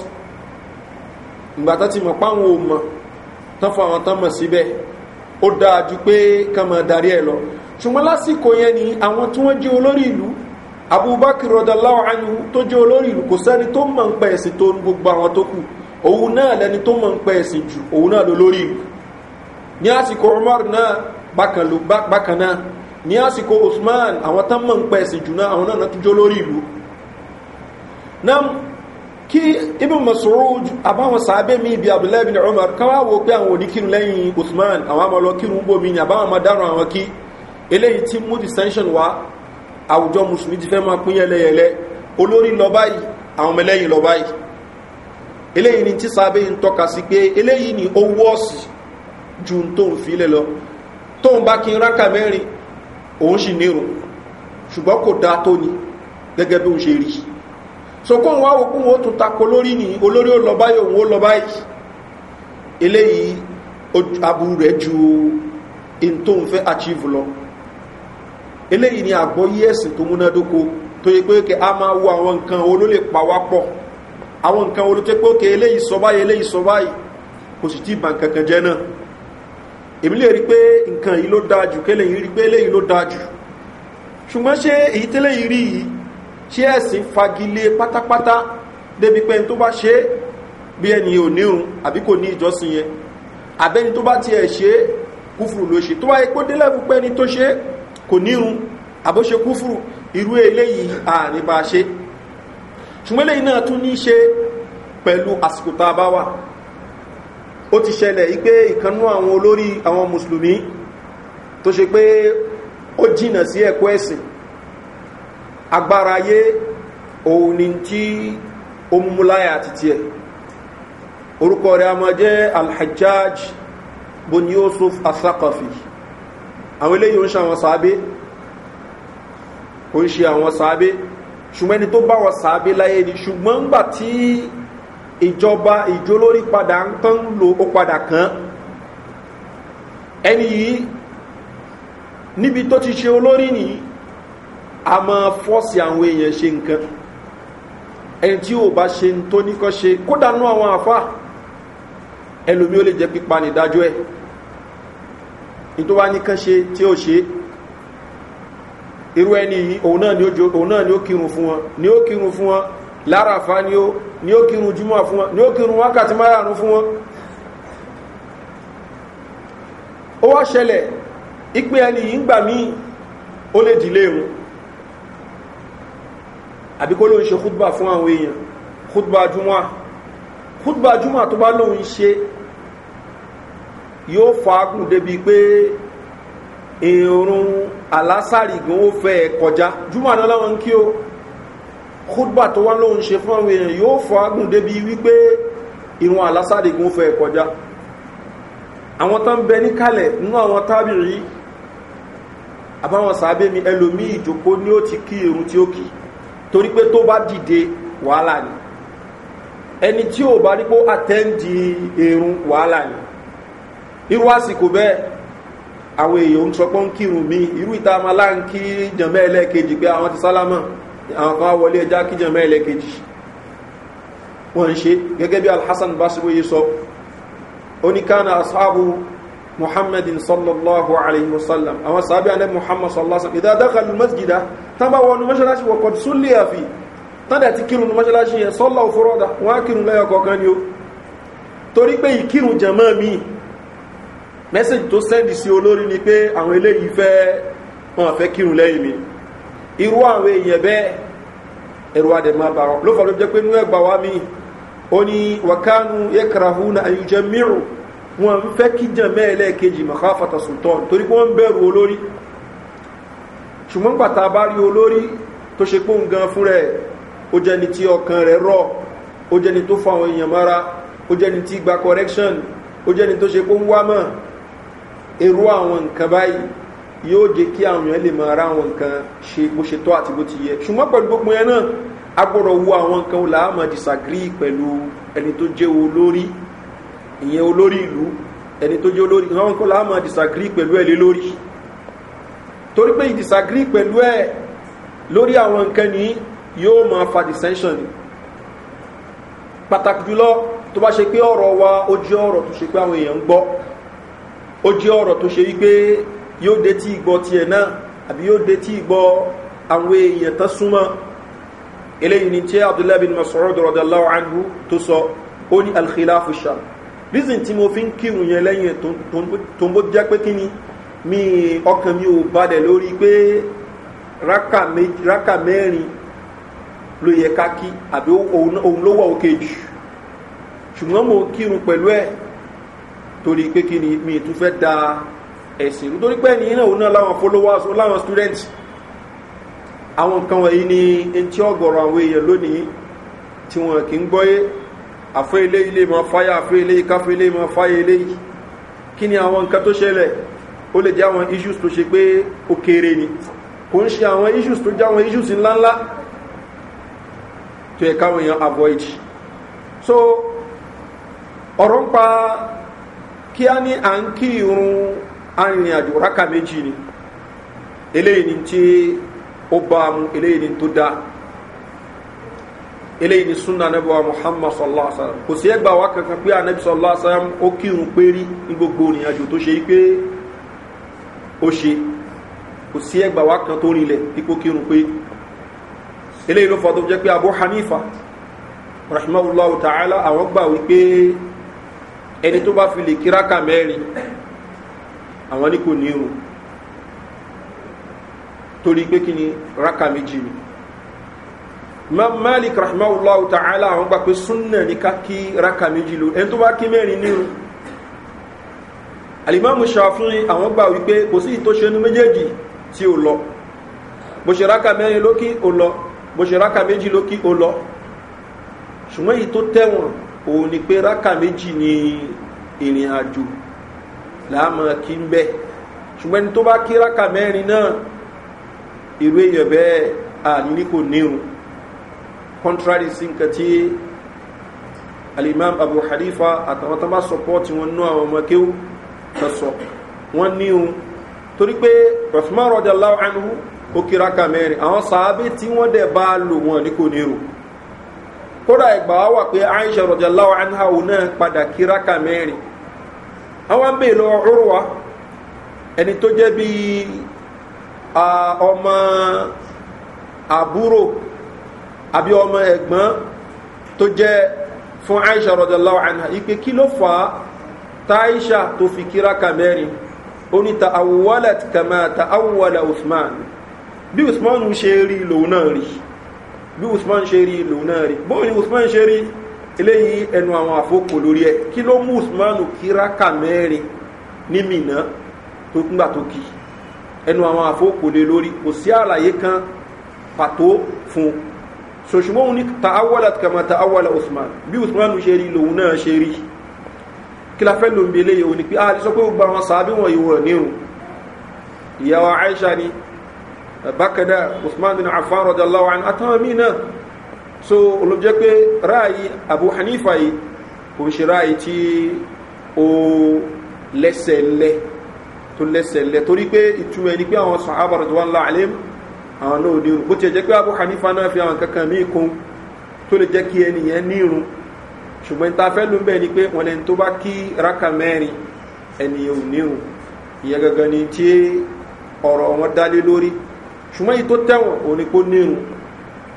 ìgbàtà ti mọ̀ páwọn ò mọ̀ tán fún àwọn tán mọ̀ síbẹ̀ ó dáa ju pé kán mọ̀ darí ẹ̀ lọ ṣùgbọ́n lásìkò yẹn ni àwọn tí wọ́n jẹ́ olórí ìlú abubakar rọdàláwà ánú tó jẹ́ olórí ìlú kò sẹ́ni tó mọ̀ ń pẹ̀ ẹ̀sìn tó ń gbogbo àwọn tó kù òun náà lẹni tó mọ̀ ń pẹ̀ ẹ̀sìn jù òun náà lólórí ìlú ní àsìkò umar náà bákan náà ní àsìkò usman àwọn tán mọ̀ ń pẹ̀ ẹ̀sìn jù náà àwọn náà tó jẹ́ olórí ìlú kí ibn masoud àbáwọn sàábé mi ibi abdullahi bin umar káwá wo pé àwọn oníkírun lẹ́yìn uthman àwọn amọ̀lọ kírun bómi ni àbáwọn ma dáràn àwọn kí eléyìí tí mú dissension wá àwùjọ musulmi ti fẹ́ máa pín yẹlẹyẹlẹ olórí lọ báyìí àwọn ọmọ ẹlẹ́yìn lọ báyìí eléyìí ni tí sàábé ń tọ́ka sí pé eléyìí ni ó wọ́ọ̀sì ju tó ń filẹ̀ lọ tó ń bá kí n rákà mẹ́rin òun sì nírun ṣùgbọ́n kò dáa tó ni gẹ́gẹ́ bí ó ṣe rí i so kóhùn wá òkú wọn ó tún takò lórí ní olórí ó lọ báyìí òun eléyìí aburú rẹ̀ ju in tó ń fẹ́ achieve lọ eléyìí ni àgbọ́yé ẹ̀sìn tó múnádóko tó yẹ pé kẹ a máa wo àwọn nǹkan olólè pàwápọ̀ àwọn nǹkan olóté pé ókè eléyìí sọ báyìí eléyìí sọ báyìí kò sì tí ìbà nǹkan kan jẹ́ náà èmi lè rí pé nǹkan yìí ló dáa jù kéléyìí rí pé eléyìí ló dáa jù ṣùgbọ́n ṣé èyí tẹ́lẹ̀ yìí rí yìí ṣé ẹ̀sìn fagilé pátápátá débi pé tó bá ṣe bí ẹni ò nírun àbí kò ní ìjọsìn yẹn àbẹ́ni tó bá tiẹ̀ ṣe kúfùrù ló ṣe tó wáyé kó délẹ́bù pé ẹni tó ṣe kò nírun àbóṣe kúfùrù irú eléyìí ààrin bá ṣe ṣùgbọ́n eléyìí náà tún ní ṣe pẹ̀lú àsìkò tá a bá wà ó ti ṣẹlẹ̀ ipé ìkanú àwọn olórí àwọn mùsùlùmí tó ṣe pé ó jìnà sí ẹ̀kọ́ ẹ̀sìn agbára ayé òun ni tí ó mú láyà àti tiẹ̀ orúkọ rẹ̀ a máa jẹ́ alhajjaj bó ni yusuf asakafi àwọn eléyìí ń ṣe àwọn sàábé kò ń ṣe àwọn sàábé ṣùgbọ́n ẹni tó bá wọ sàábé láyé ni ṣùgbọ́n ńgbà tí ìjọba ìjólórí padà ń tán lò ó padà kàn ẹni yìí níbi tó ti ṣe olórí nìyí a máa fọ́ọ̀sì àwọn èèyàn ṣe nǹkan ẹni tí ò bá ṣe ń tó níkan ṣe kódà nú àwọn àfa ẹlòmí ó lè jẹ́ pípa nìdájọ́ ẹ̀ tó wá níkan ṣe tí ó ṣe irú ẹni òun náà ni ó kírun fún wọn ni ó kírun fún wọn lára àfá ni ó kírun júmọ́ fún wọn ni ó kírun wákàtí márààrún fún wọn ó wá ṣẹlẹ̀ ìpé ẹni yìí ń gbà míì ó lè dìlé wọn àbí kó ló ń ṣe khutba fún àwọn èèyàn khutba juma khutba juma tó bá lóun ṣe yóò fagùn débi pé irun alásàrì gan ó fẹ́ kọjá juma náà láwọn ń kí o khutba tó wá lóun ṣe fún àwọn èèyàn yóò fagùn débi wípé irun alásàrì gan ó fẹ́ kọjá àwọn tán bẹ ní kalẹ̀ nínú àwọn tábìrì àbáwọn sàábẹ́mi ẹlòmí ìjòkó ní ó ti kí irun tí ó kìí torí pé tó bá dìde wàhálà ni ẹni tí ò bá dípò àtẹ́ǹdì èrún wàhálà ni irú àsìkò bẹ́ẹ̀ àwọn èèyàn ń sọpọ́ ń kírun mi irú ìta ma láà ń kí jẹ̀mẹ́ ẹlẹ́ẹ̀kejì pé àwọn ti sálámà àwọn kan wọlé ẹjá kí jẹ̀mẹ́ ẹlẹ́ẹ̀kejì wọ́n ń ṣe gẹ́gẹ́ bí alhassan basiroye sọ oníkánà asáàbù muhammadin sallallahu alaihi wasallam àwọn sàábí alẹ́ muhammad sallallahu alaihi wasallam ìdá dákàlù masjida tán bá wọnú mọ́ṣáláṣí wọ kọ̀dù súnlé àfi tán dẹ̀ ti kírun mọ́ṣáláṣí yẹn sọ́lá òfúrọ́dà wọ́n á kírun lẹ́yọ kọ̀ọ̀kan ni ó torí pé ìkírun jẹ̀mọ́ mi mẹ́sẹ̀jì tó sẹ́ndì sí olórí ni pé àwọn eléyìí fẹ́ wọn fẹ́ kírun lẹ́yìn mi irú àwọn èèyàn bẹ́ẹ̀ ẹ̀rù adẹ̀ máa bá wọn ló fà ló jẹ́ pé nú ẹgbà wá mi ó ní wàkánu yẹkarahuna ayùjẹ mìíràn wọn fẹ́ kíjàn mẹ́ẹ̀lẹ́ẹ̀kejì mọ̀káfàtà sultan torí pé wọ́n bẹ̀rù olórí ṣùgbọ́n gbàtà bá rí olórí tó ṣe pé òun gan fún rẹ̀ ó jẹni tí ọkàn rẹ̀ rọ̀ ó jẹni tó fa àwọn èèyàn mara ó jẹni tí gba correction ó jẹni tó ṣe pé ń wá mọ̀ èrò àwọn nǹkan báyìí yóò jẹ́ kí àwọn èèyàn lè máa ra àwọn nǹkan ṣe bó ṣe tọ́ àti bó ti yẹ ṣùgbọ́n pẹ̀lú gbogbo yẹn náà a gbọ́dọ̀ wo àwọn nǹkan wò láàmà disagree pẹ̀lú ẹni tó jẹ́ olórí ìyẹn olórí ìlú ẹni tó jẹ́ olórí àwọn nǹkan láàmà disagree pẹ̀lú ẹ̀lẹ́ lórí torí pé ìdìsàgírí pẹ̀lú ẹ̀ lórí àwọn nǹkan ní yóò máa fa dissension ni pàtàkì jùlọ tó bá ṣe pé ọ̀rọ̀ wa ó jẹ́ ọ̀rọ̀ tó ṣe pé àwọn èèyàn ń gbọ́ ó jẹ́ ọ̀rọ̀ tó ṣe wípé yóò dé tí ìgbọ́ tiẹ̀ náà àbí yóò dé tí ìgbọ́ àwọn èèyàn tán súnmọ́ eléyìí ni tí abdullahi bin masoro dọ̀rọ̀dọ̀ láwọn àgbú tó sọ ó ní alkhilafu sham reason tí mo fi ń kírun yẹn lẹ́yìn tó ń bó jẹ́ pé kí ni mi ọkàn mi ò balẹ̀ lórí pé rákà mẹ́rin ló yẹ ká kí àbí òun ló wà òkè jù ṣùgbọ́n mo kírun pẹ̀lú ẹ̀ torí pé kí ni mi tún fẹ́ da ẹ̀sìn rú torí pé ní iná òun náà láwọn followers ó láwọn students àwọn nǹkan wọ̀nyí ni etí ọ̀gọ̀rọ̀ àwọn èèyàn lónìí tí wọ́n kì í gbọ́yé àfẹ́ ilé ilé mọ́ fáyà àfẹ́ ilé ikáfẹ́ ilé mọ́ fáyà ilé kí ni àwọn nǹkan tó ṣẹlẹ̀ ó lè jẹ́ àwọn issues tó ṣe pé ó kéré ni kò ń ṣe àwọn issues tó jẹ́ àwọn issues ńláńlá tó yẹ káwọn èèyàn avoid so ọ̀rọ̀ ń pa kí a ní à ń kí irun rákà méjì ni eléyìí ni tí ó bá mu eléyìí ni tó dáa eléyìí ni sunna anabi muhammad sallallahu alaihi wa sallam kò sí ẹgbàá wa kankan pé anabi sallallahu alaihi wa sallam ó péré ní gbogbo tó ó ṣe kò sí ẹgbà wá kan tó rinlẹ̀ ipò kírun pé eléyìí ló fọ́ tó jẹ́ pé abu hanifa rahimahullah ta'ala àwọn gbà wípé ẹni tó bá fi lè kíráka mẹ́rin àwọn ní kò ní irun torí pé kí ni raka méjì ni malik rahimahullah ta'ala àwọn gbà pé súnnà ní ká kí raka méjì ló ẹni tó bá kí mẹ́rin ní irun alimami ṣàfihàn àwọn gbà wípé kò sí ìtòṣẹ́nu méjèèjì tí ó lọ bó ṣe ráka mẹ́rin lókí ó lọ bó ṣe ráka méjì lókí ó lọ ṣùgbọ́n èyí tó tẹ̀wọ̀n òun ni pé ráka méjì ni ìrìn àjò láàmú kí ń bẹ́ ṣùgbọ́n ẹni tó bá kí ráka mẹ́rin náà irú èèyàn bẹ́ẹ̀ àní kò níhun contrary sí nǹkan tí alimami abu hanifa àtàwọn tó bá sọpọ́ọ̀tì wọn nú àwọn ọmọ kéwù sọ wọ́n ní un torí pé Uthman radiyallahu anhu ó kíra ká mẹ́rin àwọn sàábé tí wọ́n dẹ̀ bá lò wọ́n ní kò ní rò kódà ìgbà wá wà pé Aisha radiyallahu anha òun náà padà kíra ká mẹ́rin àwọn ń bè lọ Urwa ẹni tó jẹ́ bí ọmọ àbúrò àbí ọmọ ẹ̀gbọ́n tó jẹ́ fún Aisha radiyallahu anha ìpè kí ló fà á táìṣà tó fi kíráka mẹ́rin ó ní ta awọ́lẹ̀ kàmá ta awọ́lẹ̀ usman bí usman ṣe rí lòun náà rí bí usman ṣe rí lòun náà rí bó ni usman ṣe rí eléyìí ẹnu àwọn àfokò lórí ẹ kí ló mú usman kíráka mẹ́rin ní mìíràn kan pàtó fún so ṣùgbọ́n òun ní ta awọ́lẹ̀ kàmá ta awọ́lẹ̀ usman bí usman kí la fẹ́ ló ń bi eléyìí òní pé a ah, ti sọ pé gbogbo àwọn sàábí wọn yìí wọ̀ nírun ìyàwó aisha ni bákẹ́dà usman bin afan rọjàláwa ni àtàwọn míì náà so olùjẹ́ pé ráàyè abu hanifa yìí kò ń ṣe ráàyè tí ó lẹ́sẹ̀ lẹ́ tó lẹ́sẹ̀ lẹ́ torí pé ìtumọ̀ ẹni pé àwọn sàábà rọjàláwa ńlá àlẹ́ àwọn náà nírun bó ti jẹ́ pé abu hanifa náà fi àwọn kankan míì kún tó lè jẹ́ kí ẹnìyẹn nírun ṣùgbọ́n ta fẹ́ ló ń bẹ̀ ni pé wọn lẹ́ni tó bá kí raka mẹ́rin ẹni ò níhùn ìyẹn gangan ni tí ọ̀rọ̀ wọn dálé lórí ṣùgbọ́n yìí tó tẹ̀wọ̀n òní kó níhùn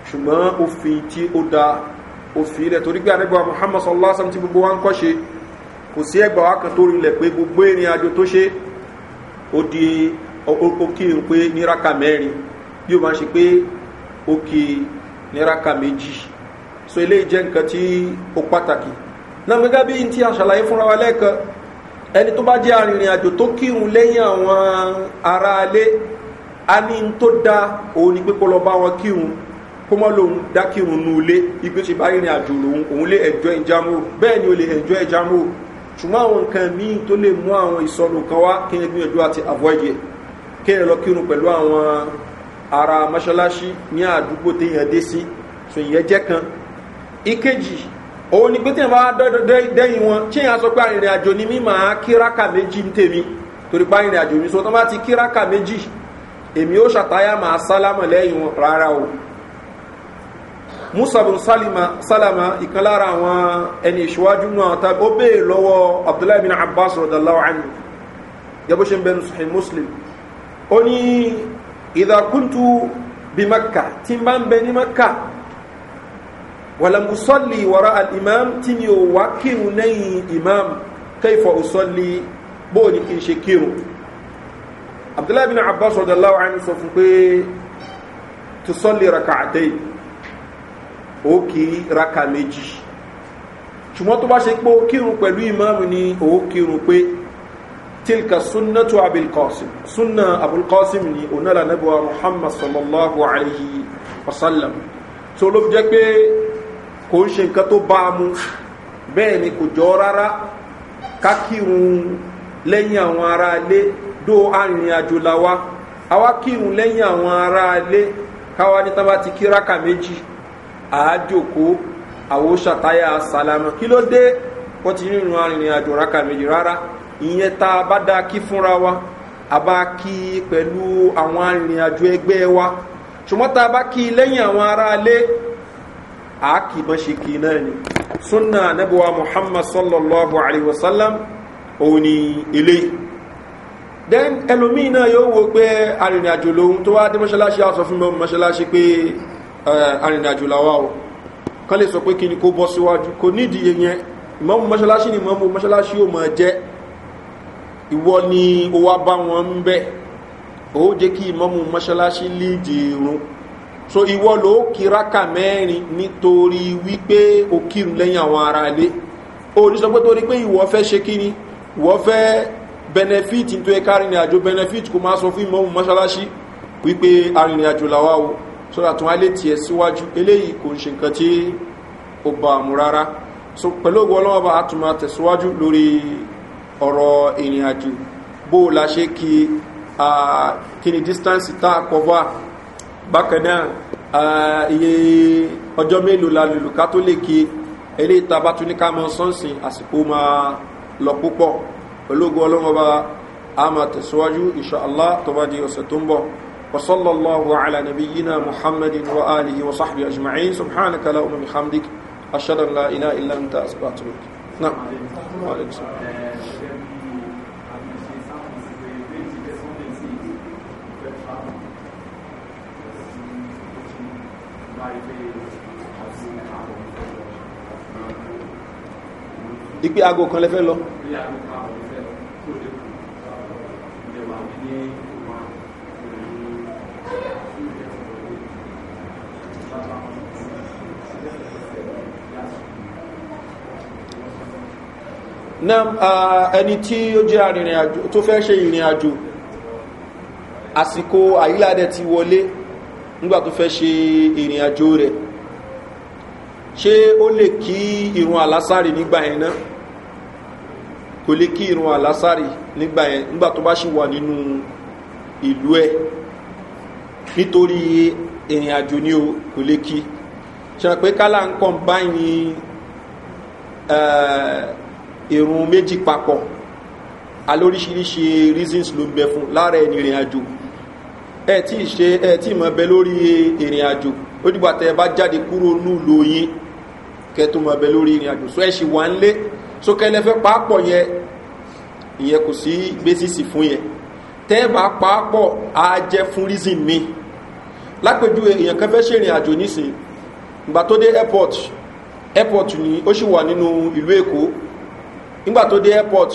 ṣùgbọ́n òfin tí ó da òfin ilẹ̀ torí pé àdébọ̀ muhammad sallallahu alaihi wasallam ti gbogbo wa ń kọ́ ṣe kò sí ẹgbà wa kan tó rinlẹ̀ pé gbogbo ìrìn àjò tó ṣe ó di òkè pé ní raka mẹ́rin bí ó máa ṣe pé òkè ní raka méjì so eléyìí jẹ́ nǹkan tí ó pàtàkì náà gẹ́gẹ́ bí tí a ṣàlàyé fúnra wa lẹ́ẹ̀kan ẹni tó bá jẹ́ arìnrìn àjò tó kírun lẹ́yìn àwọn ará alé a ní tó dá òun ni pé kó lọ bá wọn kírun kó mọ́ lòun dá kírun nú ilé ibi tí bá rìnrìn àjò lòun òun lè ẹ̀jọ́ ìjámọ́ bẹ́ẹ̀ ni o lè ẹ̀jọ́ ìjámọ́ ṣùgbọ́n àwọn nǹkan míì tó lè mú àwọn ìsọnù kan wá kí ẹgbẹ́ ìjọ àti avoid yẹ kí ẹ lọ kírun pẹ̀lú àwọn ará mọ́ṣáláṣí ní àdúgbò téèyàn dé sí so ìyẹn jẹ́ kan ìkejì òun ni pé tí wọn bá dẹ́yìn wọn tí yẹn sọ pé arìnrìn àjò ni mí máa kíraka méjì ń tèmi torí pé arìnrìn àjò mi sọ tó bá ti kíraka méjì èmi ó ṣàtáyà máa sálámà lẹ́yìn wọn rárá o musa salima salama ìkan lára àwọn ẹni ìṣíwájú náà tàbí ó béè lọ́wọ́ abdullahi bin abbas rọ̀dàláwà ánì yẹ́bó ṣe ń bẹnu sùhìn muslim ó ní ìdàkúntù bí makka tí n bá ń bẹ ní makka wàlámù sọ́lì wàrà al'imam tí mi ò wá kírun lẹ́yìn imam kẹfà ò sọ́lì bóò ní kí n ṣe kírun abdullahi bin abbas rọ̀dọ̀láwà ní sọ fún pé tó sọ́lì raka àtẹ́ ó kí raka méjì ṣùgbọ́n tó bá ṣe pé ó kírun pẹ̀lú imam ni ó kírun pé tilka sunnatu abil qasim sunna abul ni onala nabuwa muhammad sallallahu alaihi wasallam so ló fi jẹ́ pé kò ń ṣe nǹkan tó bá a mu bẹ́ẹ̀ ni kò jọ rárá ká kírun lẹ́yìn àwọn ará dó arìnrìn àjò la wá àwa kírun lẹ́yìn àwọn ará ilé káwa ní tábà ti kí rákà méjì àájòkó àwọn ṣàtáyà sàlámà kí ló dé wọ́n ti rírun arìnrìn àjò rákà méjì rárá ìyẹn tá a bá dá kí fúnra wa a kí pẹ̀lú àwọn arìnrìn àjò ẹgbẹ́ wa ṣùgbọ́n tá a bá kí lẹ́yìn àwọn ará àákì bọ́n ṣe kì náà ni súnà anábíwá muhammad sallallahu alaihi wasallam òun ni ilé then ẹlòmíì náà yóò wo pé arìnrìnàjò lòun tó wá dé mọ́ṣáláṣí àsọ fún mọ́ mọ́ṣáláṣí pé arìnrìnàjò làwà o kán lè sọ pé kí ni kó bọ́ síwájú kò nídìí yẹn ìmọ̀mù mọ́ṣáláṣí ni ìmọ̀mù mọ́ṣáláṣí ò mọ̀ jẹ́ ìwọ ni ó wá bá wọn ń bẹ́ ó jẹ́ kí ìmọ̀mù mọ́ṣáláṣí lídìí irun so ìwọ ló kiraka mẹ́rin nítorí wípé o kírun lẹ́yìn àwọn ará ilé o ní sọ pé torí pé ìwọ fẹ́ ṣe kí ni ìwọ fẹ́ benefit nítorí ẹ̀ka arìnrìnàjò benefit kò máa sọ fún ìmọ̀ọ́mù mọ́ṣáláṣí wípé arìnrìnàjò làwa o sọ́dà tún alé tiẹ̀ síwájú eléyìí kò ń ṣe nǹkan tí ó bá mú rárá so pẹ̀lú ògbọ́ ọlọ́wọ́ bá àtúmọ̀ tẹ̀síwájú lórí ọ̀rọ̀ ìrìnàjò bó o la ṣe kí ni distance tá a kọ́ bá bákan náà iye ọjọ́ mélòó la lùlù ká tó lè ké eléyìí tá a bá tún ní ká mọ sọ́ọ̀sìn àsìkò máa lọ púpọ̀ ológun ọlọ́mọba a máa tẹ̀síwájú ìṣàlá tó bá di ọ̀sẹ̀ tó ń bọ̀ وصلى الله على نبينا محمد وآله وصحبه أجمعين سبحانك اللهم بحمدك أشهد أن لا إله إلا أنت أستغفرك نعم
وعليكم السلام
ìpé aago kan lẹ́fẹ́ lọ náà ẹni tí ó jẹ́ arìnrìn àjò tó fẹ́ ṣe ìrìn àjò àsìkò àyíládẹ ti wọlé nígbà tó fẹ́ ṣe ìrìn àjò rẹ̀ ṣé ó lè kí ìrùn àlásàrì nígbà ẹ̀nà kò lè kí irun àlásàrì nígbà yẹn nígbà tó bá ṣì wà nínú ìlú ẹ nítorí ìrìn àjò ní o kò lè kí ṣàpé kálá ń kàn báyìí irun méjì papọ̀ alóríṣiríṣi reasons ló ń bẹ fún lára ẹni ìrìn àjò ẹ tí ì ṣe ẹ tí ì mọ bẹ lórí ìrìn àjò ó dìgbà tẹ bá jáde kúrò nílùú yín kẹ bẹ lórí ìrìn àjò so ẹ ṣì wà ń lé sókè lẹfẹ pàápọ̀ yẹn ìyẹn kò sí gbésìsì fún yẹn tẹ́ẹ̀bà pàápọ̀ á jẹ́ fún rízì mi lápẹjú èèyàn kan fẹ́ ṣèrìn àjò nísìn ìgbà tó dé airport airport ni ó sì wà nínú ìlú èkó nígbà tó dé airport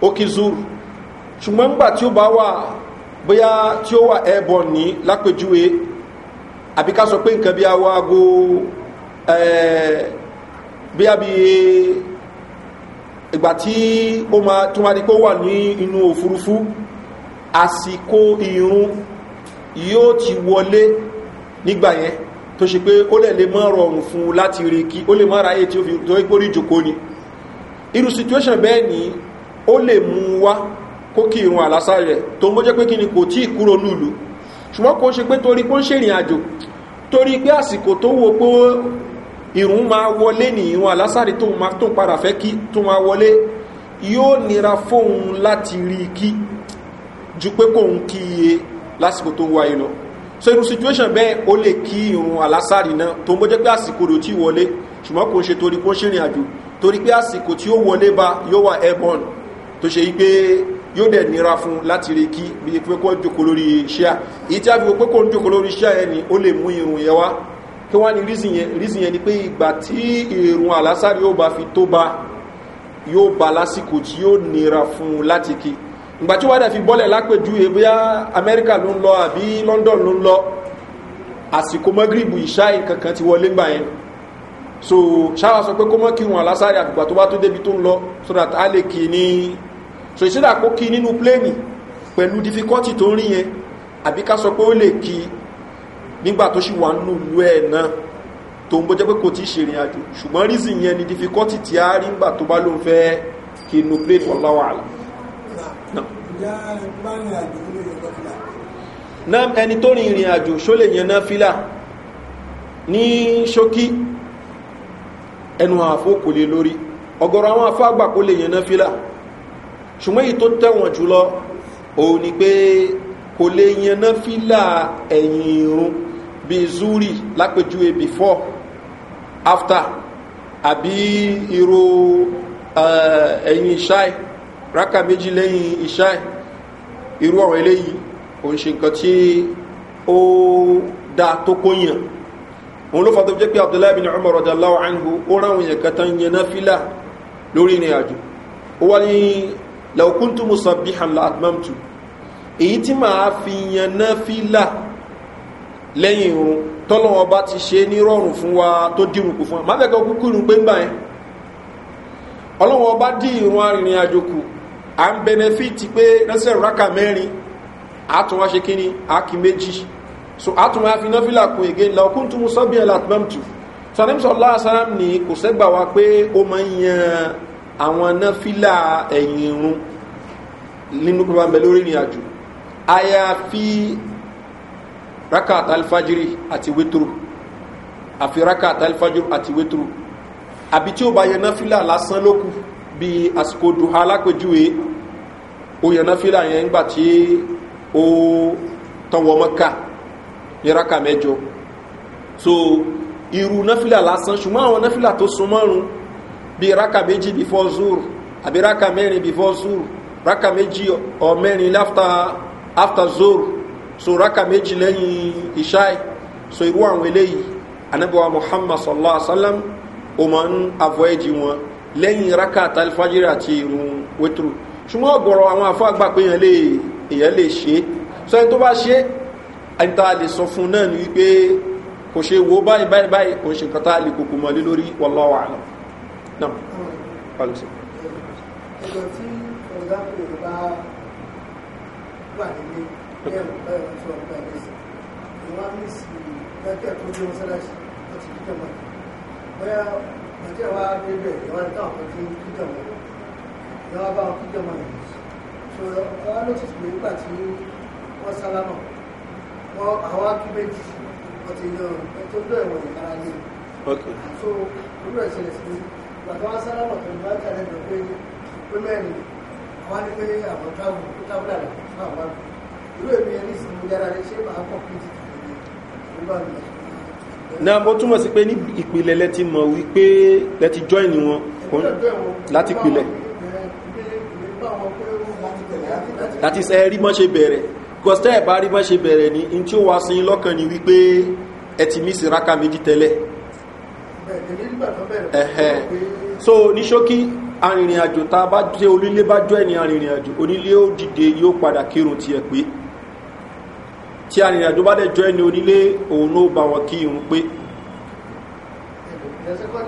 ó kí zuru ṣùgbọ́n nígbà tí ó bá wà bóyá tí ó wà airborne ní lápẹjúwe àbí ká sọ pé nǹkan bí awo aago eh, bóyá bí ìgbà tí ó ma tó ma di pé ó wà ní inú òfurufú àsìkò ìrún yóò ti wọlé nígbà yẹn tó ṣe pé ó lè lè mọ́ rọrùn fún láti rí kí ó lè mọ́ ráyé tí ó fi tó ipò rí jòkó ni irú situation bẹ́ẹ̀ ni ó lè mú wá kó kí ìrún àlásà rẹ̀ tó mọ́ jẹ́ pé kí ni kò tí ìkúrò lùlù ṣùgbọ́n kò ṣe pé torí kó ń ṣèrìn àjò torí pé àsìkò tó wo pé ìrùn máa wọlé ní ìrùn alásàrí tó ma tó padà fẹ́ kí tó ma wọlé yóò nira fóun láti rí kí ju pé kóun kí iye lásìkò tó wáyé lọ so irú situation bẹ́ẹ̀ ó lè kí ìrùn alásàrí náà tó ń bọ́jẹ́ pé àsìkò ló ti wọlé ṣùgbọ́n kò ń ṣe torí kó ń ṣèrìn àjò torí pé àsìkò tí ó wọlé bá yóò wà airborne tó ṣe pé yóò dẹ̀ nira fún láti rí kí bí pé kó ń jòkó lórí iṣẹ́ èyí tí a fi pé kó ń jòkó lórí iṣẹ́ ẹni ó lè mú ìrùn yẹn wá kí wọ́n ní rísìn yẹn ni pé ìgbà tí èrùn àlásàrí yóò bá fi tó bá yóò bá lásìkò tí yóò nira fún láti kí ìgbà tí wádà fi bọ́lẹ̀ lápẹjú ebíyá amẹ́ríkà ló ń lọ àbí london ló ń lọ àsìkò mọ́gírìbù ìṣá ìkankan ti wọlé gbà yẹn so ṣáwà sọ pé kó mọ́ kí wọn àlásàrí àgbà tó bá tó débi tó ń lọ so that a lè kí ní so ìṣẹ́dà kó kí nínú pléènì pẹ̀lú difficulty tó ń rí yẹn àbí ká sọ pé ó lè kí nígbà tó sì wà nínú ìlú ẹ̀ náà tó ń bọ́ jẹ́ pé kò tí ì ṣe ìrìn àjò ṣùgbọ́n rízì yẹn ni difficulty tí a rí ńgbà tó bá ló ń fẹ́ kí inú plane wọ́n láwà á. náà ẹni tó rin ìrìn àjò ṣó lè yẹn náà fílà ní ṣókí ẹnu àfó kò lè lórí ọgọ́rọ̀ àwọn afọ́ àgbà kò lè yẹn náà fílà ṣùgbọ́n èyí tó tẹ̀wọ̀n jùlọ òun ni pé kò lè yẹn náà fílà ẹ̀yìn irun bíi zuri lápẹjúwe before after àbí irú eh, ẹ̀yìn ìṣáì rákà méjì lẹ́yìn ìṣáì irú ọ̀rọ̀ eléyìí kò ń ṣe nǹkan tí ó dáa tó kóyàn òun ló fàtọ́ jẹ́ pé abdullahi bin umar radallahu anhu ó ráwọn èèyàn kan tán yẹn náfílà lórí ìrìn àjò ó wá ní laukuntu musabbihan la èyí tí màá fi yẹn náfílà lẹ́yìn irun tọ́lọ́ ọba ti ṣe ní rọrùn fún wa tó dìrùkù fún wa má fẹ́kẹ́ kúkú irun pé ń gbà yẹn ọlọ́wọ́n dí irun arìnrìn àjò kù à ń bẹnẹfíìtì pé lọ́sẹ̀ rákà mẹ́rin àtúnwá ṣe kíní àkì méjì so àtúnwá fi náfìlà kun ègé lọ́kùn tó mú sọ́bí ẹ̀ látìmọ́mtù sọ́nẹ́mùsọ̀ láàsáràm ní kò sẹ́gbà wa pé ó máa ń yan àwọn náfìlà ẹ̀yìn irun nínú pípa ń ìrìn àjò àyàfi rakat alfajiri àti wetru àfi rakat alfajiri àti wetru àbí tí ó bá yẹn náfìlà lásán ló kù bí àsìkò duha alápèjúwe ó yẹn náfìlà yẹn ńgbà tí ó tọwọ́ mọ́ká ní raka mẹ́jọ so irú náfìlà lásán ṣùgbọ́n àwọn náfìlà tó sun márùn bí raka méjì before zur àbí raka mẹ́rin before zur raka méjì ọ mẹ́rin after, after so raka méjì lẹ́yìn ìṣáì so irú àwọn eléyìí anábíwá muhammad sallallahu alaihi wasallam o ma ń avoidi wọn lẹ́yìn raka talifajiri àti irun wetru ṣùgbọ́n ọ̀gọ̀rọ̀ àwọn afọ́gbà pé èèyàn lè ṣe so ẹni tó bá ṣe ẹni tá a lè sọ fún náà ni wípé kò ṣe wo báyìí báyìí báyìí kò ṣe nǹkan a lè kòkò mọ́ lé lórí wọláwà náà náà tí
ọ̀gá kò bá wà nílé bóyá àti ẹ̀wà débẹ̀ ìwà ní táwọn kan ti ń kíjọ mọ́ ìwà bá wọn kíjọ mọ́ yìí so ọwọ́ ló ti sùn nígbà tí wọ́n sálámà wọ́n àwọn akíbẹ́jì wọ́n ti yan ẹjọ́ bẹ́ẹ̀ wọ̀ ní ara lé so olú ẹ̀sẹ̀ sí ìgbà tí wọ́n sálámà tó ní bá jáde lọ pé pé mẹ́rin àwọn ní pé àwọn táwọn táwọn làlẹ́ fún àwọn àgbẹ̀ irú
mo túmọ̀ sí pé ní ìpìlẹ̀ lẹ́ti mọ̀ wípé lẹ́ti join wọn láti pìlẹ̀ láti ṣe rí mọ́ ṣe bẹ̀rẹ̀ kọ́sítẹ́ ẹ̀bá rí mọ́ ṣe bẹ̀rẹ̀ ní in tí ó wá sí lọ́kàn ní wípé ẹ mí sí raka méjì tẹ́lẹ̀ so ní ṣókí arìnrìn àjò ta bá jẹ́ onílé bá jọ ẹni arìnrìn àjò onílé ó dìde yóò padà kírun ti ẹ̀ pé tí arìnrìnàjò bá dẹjọ ẹni onílé òun ló bá wọn kí irun pé.
ẹ̀rẹ́ ìpé kò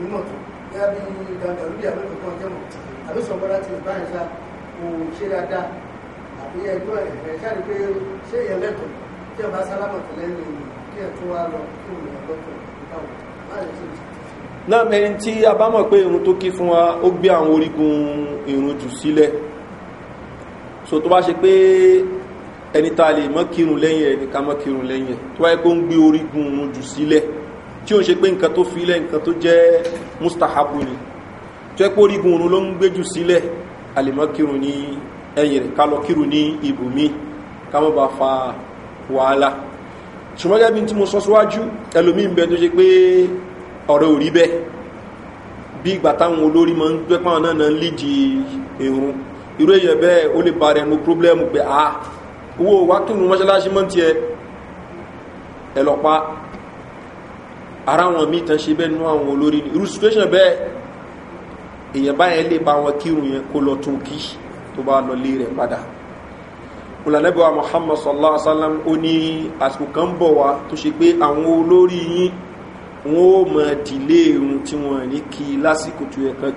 ní mọ̀tò bí a bí dandalubi àbẹ́kọ̀ọ́ jẹ́mọ̀ àbẹ́sọ̀gbọ́n láti ìbáyìí sá kò ṣe dáadáa iye ẹ̀gbọ́n ẹ̀ ẹ̀ káàdì pé ṣé èèyàn ọba tó kí lọ kí òun
lọ àwọn orígun irun jù sílẹ̀ so tó bá ṣe pé ẹni lè mọ́ kírun lẹ́yìn ẹni ká mọ́ kírun lẹ́yìn tó wáyé pé ó ń gbé orígun irun jù sílẹ̀ tí ó ń ṣe pé ni ẹ̀yìn rẹ̀ ká lọ kírù ní ibùmí fa wàhálà ṣùgbọ́n gẹ́gẹ́ bí tí mo sọ síwájú ẹlòmí ń bẹ tó ṣe pé ọ̀rọ̀ ò rí bẹ́ẹ̀ bí ìgbà táwọn olórí máa ń gbẹ́ pàwọn náà náà ń lídi èrún irú èyàn ba rẹ̀ nu pírọ́blẹ́mù pé a owó wa kírun mọ́ṣáláṣí mọ́ tiẹ̀ ẹ lọ pa ara wọn míì tán ṣe bẹ́ẹ̀ nú àwọn olórí ni situation bẹ́ẹ̀ èèyàn báyẹn lè ba wọn kírun yẹn kó lọ tún kí tó bá lọ lé rẹ̀ padà olùlànàbíwá muhammad sallallahu alaihi wasallam sallam ó ní àsìkò kan bọ̀ wá tó ṣe pé àwọn olórí yín wọn ó mọ dìlé irun tí wọn ní kí lásìkò tó yẹ kan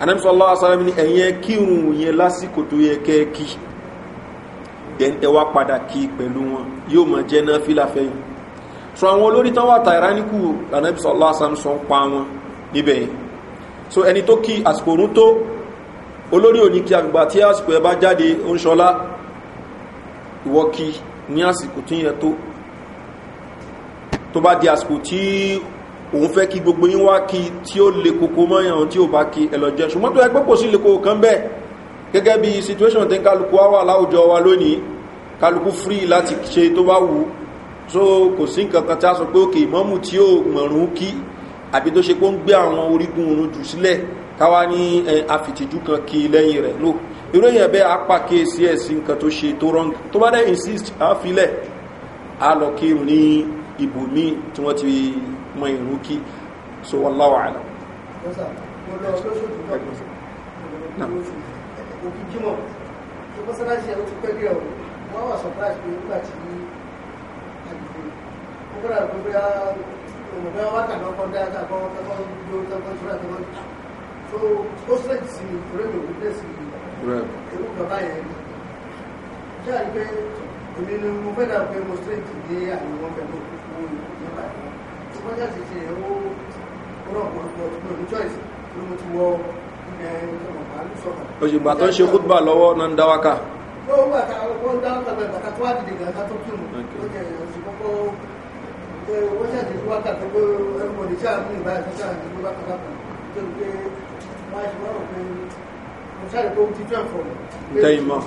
anam sallallahu alaihi wa sallam ní ẹ̀yẹn kírun yẹn lásìkò tó yẹ kẹ́ kí ẹ wá padà kí pẹ̀lú wọn yóò mọ jẹ́ náà fílàfẹ́yìn so àwọn olórí tán wà tàìráníkù lànàbísọ̀ lásán sọ ń pa wọn níbẹ̀ so ẹni tó kí àsìkò òrùn tó olórí òní kí àgbà tí àsìkò ẹ bá jáde ń ṣọlá ìwọ́kí ní àsìkò tí yẹ tó tó bá di àsìkò tí òun fẹ́ kí gbogbo yín wá kí tí ó le koko mọ́yàn tí ó bá kí ẹlọ́jẹ́ ṣùgbọ́n tó ẹgbẹ́ kò sí le koko kan bẹ́ẹ̀ gẹ́gẹ́ bí situation tí kálukú wá wà láwùjọ wa lónìí kálukú free láti ṣe tó bá wù so kò sí nǹkan kan tí a sọ pé òkè ìmọ́mù tí ó mọ̀rún kí àbí tó ṣe pé ó ń gbé àwọn orígun òun jù sílẹ̀ káwá ní àfìtìjú kan kí lẹ́yìn rẹ̀ no ìròyìn ẹ̀bẹ́ apá kéèsì ẹ̀sì nǹkan tó ṣe tó rọ́ng tó bá dẹ̀ insist àfilẹ̀ a lọ kírun ní ibò míì tí wọ́n ti mọ ìrún kí so wọ́n láwọ̀ àlọ́
òkìkímọ̀ tó mọ́sánláṣí ẹ̀rọ ti pẹ́lú ẹ̀rọ wọ́n wà surprise pé nígbà tí àgbègbè ó gbọ́dọ̀ gbogbo ọmọdé wákàtí ọkọ̀ dáadáa kọ́ tó ń dúró tọ́kọ̀ tó rà so ó sẹ́ǹtì sí mi torí mi ò ní tẹ̀sí mi irú bàbá yẹn ni ṣé àyè pé èmi ni mo fẹ́ dà pé mo sẹ́ǹtì ní àwọn ọmọ ẹ̀mọ́ kúkú nípa ẹ̀mọ́ tí wọ́n jáde ṣe ẹ̀ ó rọ̀ pọ̀lọpọ̀ tí mo ní choice tí mo ti wọ ilẹ̀ ọmọọba ní sọ̀rọ̀. òṣìgbà tó ń ṣe
kútbà lọ́wọ́ náà ń dá ó wà ká
ó ń dá wákà bàtà tó wà dìde gàgà tó kí mu ó jẹ ìrìnàṣìkọ́kọ́ ó ṣàdédé wákà tó gbé ẹnu ntẹ́yìn mọ́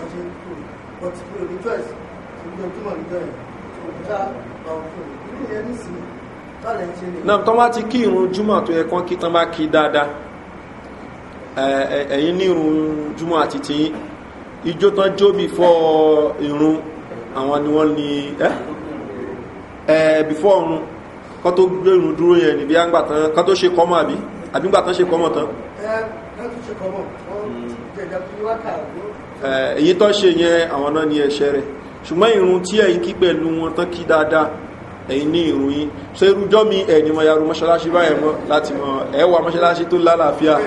náà tọ́
bá ti kí irun júmọ̀ tó yẹ kán kí tán bá kí dáadáa ẹ̀yìn ní irun júmọ̀ àti tìyín ijó tán jó bí fọ́ irun àwọn ni wọ́n ní ẹ́ bífọ́ ọ̀run kán tó gbé irun dúró yẹn níbi àgbà tán kán tó ṣe kọ́mọ̀ àbí àbí gbà tán ṣe kọ́mọ̀ tán
Hmm.
èyí tó ṣe yẹn àwọn náà ní ẹ̀ṣẹ̀ rẹ̀ ṣùgbọ́n ìrun tí ẹ̀yìn kí pẹ̀lú wọn tán kí dáadáa ẹ̀yìn ní ìrun yìí so irújọ́ mi ẹ̀ni mọ̀ yàrù mọ́ṣálásí báyẹ̀ mọ́ láti mọ̀ ẹ̀wà mọ́ṣálásí tó lálàáfíà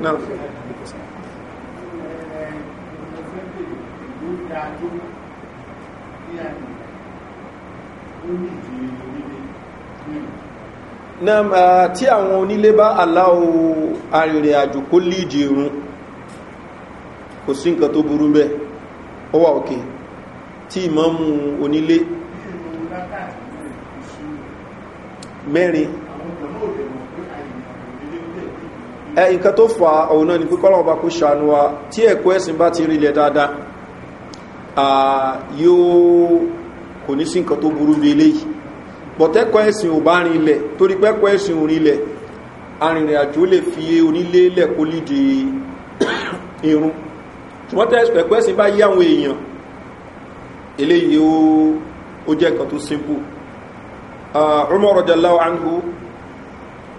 náà na ah, tí àwọn onílé bá aláwọ̀ arìnrìn àjò kó líìdì irun kò sí nǹkan tó burú bẹ́ ọ wà òkè tí ìmọ́mù onílé mẹ́rin ẹ nǹkan tó fà ọ̀hún náà ni pé kọ́lọ̀ ọba kó ṣàánú wa tí ẹ̀kọ́ ẹ̀sìn bá ti rí ilẹ̀ dáadáa ah, yóò kò ní sí nǹkan tó burú bí eléyìí bọ̀tẹ́kọ̀ ẹ̀sìn ò bá rinlẹ̀ torí pẹ́kọ̀ ẹ̀sìn ò rinlẹ̀ arìnrìn àjò lè fi onílé lẹ̀ kó lídi irun ṣùgbọ́n tẹ́kọ̀ ẹ̀sìn bá yí àwọn èèyàn eléyìí ó jẹ́ nǹkan tó simple ọmọ ah, rọ̀jọ̀láwọ̀ anhu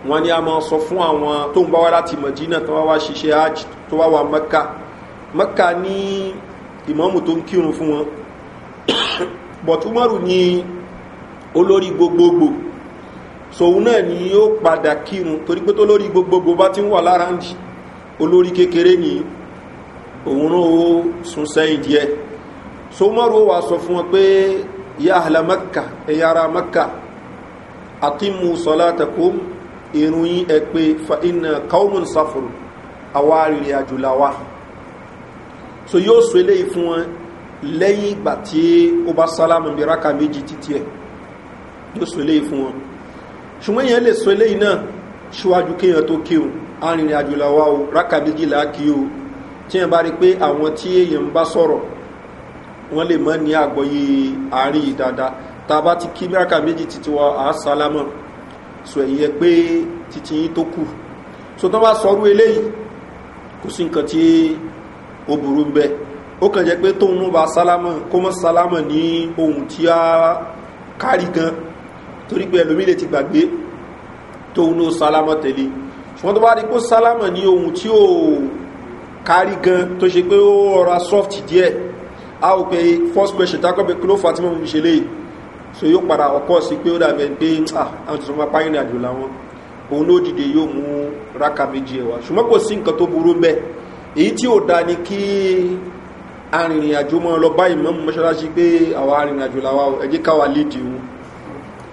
wọ́n ni a máa sọ fún àwọn tó ń bá wá láti mọ̀jínà tó wá ṣiṣẹ́ hajj tó wá wà mẹ́ka mẹ́ka ní ìmọ̀mù tó ń kírun fún wọn bọ̀túmọ̀rù ni olórí gbogbogbò sòun náà ni yóò padà kírun torí pé tó lórí gbogbogbò bá ti ń wà lára ń jì olórí kékeré ni òun náà ó sun sẹ́yìn díẹ̀ sọmọ́rò wà sọ fún wọn pé ya ahla makka ẹ̀yà ara makka àtìmù sọlá tẹkùn irun yín fa iná kaumun safuru àwa arìnrìn àjò làwa so yóò sọ eléyìí fún wọn lẹ́yìn ìgbà tí ó bá sálámù bí ráka méjì títí ẹ̀ yóò sọ eléyìí fún wọn ṣùgbọ́n èèyàn lè sọ eléyìí náà ṣíwájú kéèyàn tó kéwòn arìnrìn àjò làwa o rákà méjìlá kí o tí èèyàn bá rí pé àwọn tí èèyàn ń bá sọ̀rọ̀ wọ́n lè mọ́ ní àgbọ̀yé àárín dáadáa tá a bá ti kí rákà méjì títí wa àá sálámọ̀ sọ èyí ẹ pé títí yín tó kù so tó bá sọrú eléyìí kò sí nǹkan tí ó burú ń bẹ ó kàn jẹ́ pé tóun bá sálámọ̀ kó mọ́ sálámọ̀ ní ohun tí a kárí gan-an torí pé ẹlòmí lè ti gbàgbé tóun ló sálámọ̀ tẹ̀lé ṣùgbọ́n tó bá rí pé sálámọ̀ ní ohun tí ó kárí gan tó ṣe pé ó rọra soft díẹ̀ a ò pé first question tá a kọ́ pé kí ló fà á tí mo fi ṣe léyìí so yóò padà ọkọ̀ sí pé ó dàbẹ̀ pé ah, àwọn tuntun máa páyìn àjò làwọn òun ló dìde yóò mú ráka méjì ẹ̀wà ṣùgbọ́n kò sí nǹkan tó burú mbẹ́ èyí tí ò da ni kí arìnrìn àjò mọ́ lọ báyìí mọ́ mọ́ṣáláṣí pé àwọn arìnrìn àjò làwọn ẹ̀jẹ̀ káwa lédìí wọn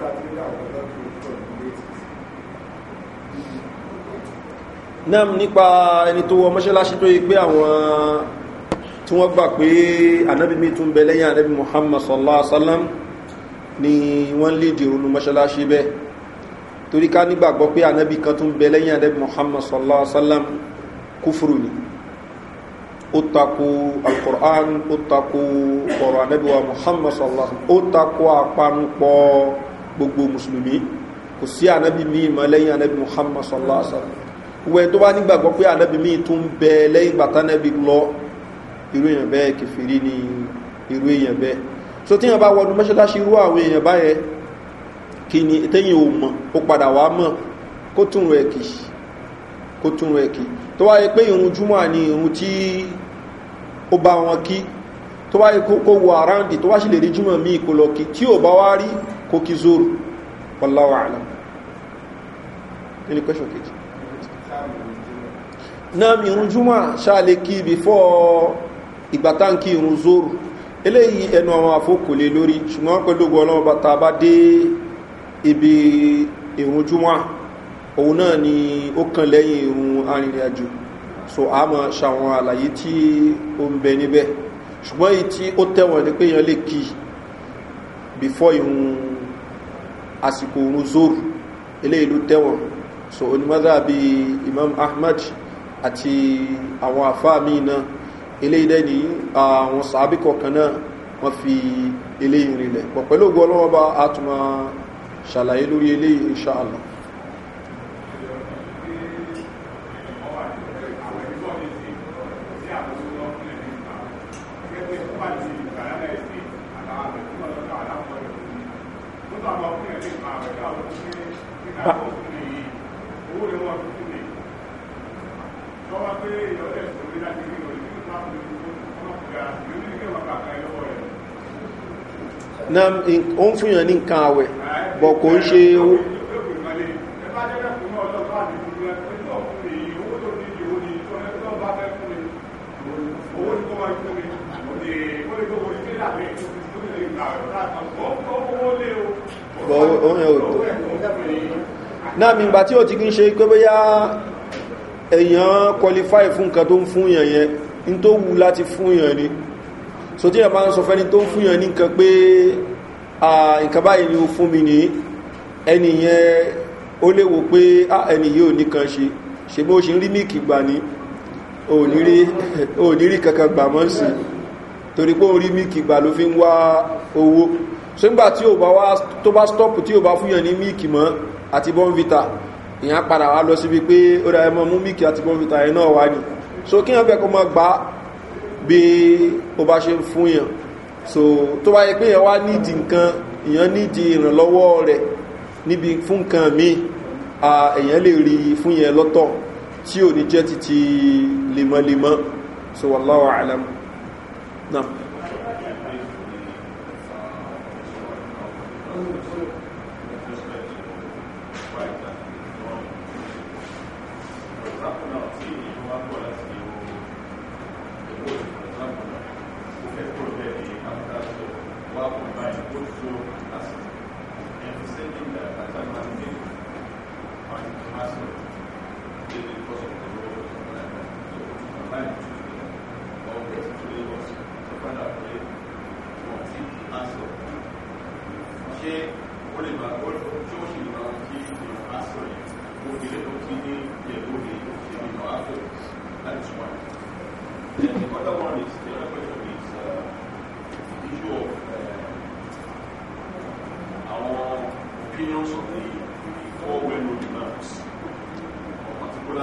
Nam tí ó dàgbà lọ́dún tó náà nípa ẹni tó wọ mọ́ṣáláṣí tó yí pé àwọn tí wọ́n gbà pé anábì mi bẹ lẹ́yìn anábì muhammad sallallahu alaihi wasallam ni wọ́n lè dìrò ní mọ́ṣáláṣí bẹ́ẹ̀ torí ká nígbàgbọ́ pé anábì kan tún bẹ lẹ́yìn anábì muhammad sallallahu alaihi wasallam kúfùrù ni ó takò alkùrán ó takò ọ̀rọ̀ anábì muhammad sallallahu alaihi wasallam ó gbogbo mùsùlùmí kò sí ànábì míì mọ́ lẹ́yìn ànábì muhammad sallallahu alaihi wa sallam wẹ́n tó bá nígbàgbọ́ pé ànábì míì tó ń bẹ lẹ́yìn gbàtánẹ́bì lọ irú èèyàn bẹ́ẹ̀ kẹfìrí ni irú èèyàn bẹ́ẹ̀ so tí yàn bá wọnú mọ́ṣáláṣí irú àwọn èèyàn báyẹn kí ni téyìn ò mọ̀ ó padà wá mọ̀ kó tún rẹ̀ kì kó tún rẹ̀ kì tó wáyé pé irun júmọ́ ni irun tí ó bá wọn kí tó wáyé kó wọ àráǹdì tó wá sì lè rí júmọ́ míì kó lọ kí tí ò bá wá rí kó kí zoro wallahu alam nínú kọ́ṣọ̀ kejì náà mi irun júmọ́ ṣáàlẹ̀ kí bífọ́ ìgbàtáǹkì irun zoro eléyìí ẹnu àwọn àfókò lè lórí ṣùgbọ́n pẹ̀lú ọlọ́run bàtà bá dé ibi irun júmọ́ òun náà ni ó kàn lẹ́yìn irun arìnrìnàjò so a mọ̀ ṣàwọn àlàyé tí ó ń bẹ níbẹ̀ ṣùgbọ́n èyí tí ó tẹ̀wọ̀n ni pé èèyàn lè kí bífọ́ irun àsìkò oorun zoro eléyìí so onímọ́dá bí imam ahmad ati àwọn àfáà míì náà eléyìí dẹ́ ní àwọn sàábì kọ̀ọ̀kan náà wọ́n fi eléyìí rinlẹ̀ pọ̀ pẹ̀lú ògbọ́ ọlọ́wọ́ bá a tún máa na ó ń fúnyàn ní nǹkan àwẹ̀ bọ̀ kò ń ṣe owó náà mi gbà tí ó ti kí ń ṣe pé bóyá qualify fún nǹkan tó ń fún èèyàn yẹn ní tó wù láti fún èèyàn ni so tí yàn bá ń sọ fẹ́ni tó ń fún yàn ní nǹkan pé nǹkan báyìí ni ó fún mi ní ẹni yẹn ó léwo pé ẹni yìí ò nìkan ṣe ṣe bó ṣe ń rí míìkì gbà ní ònírí kankan gbà mọ́ sí torí pé ó rí míìkì gbà ló fi ń wá owó so nígbà tí ó bá wá tó bá stọ́pù tí ó bá fún yàn ní míìkì mọ́ àti bọ́nvita ìyàn padà wá lọ síbi pé ó ra ẹmọ mú míìkì àti bọ́nvita ẹ̀ náà wá ní so kí yàn fẹ́ kọ́ mọ́ gbà bí o bá ṣe fún yàn so tó bá yẹ pé yàn wá nídìí nǹkan yàn nídìí ìrànlọ́wọ́ rẹ̀ níbi fún nǹkan míì èyàn lè rí fún yẹn lọ́tọ̀ tí ò ní jẹ́ títí lemọ́lemọ́ so wallahu alam náà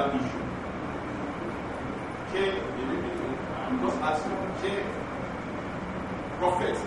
issue. I'm just asking, okay, prophets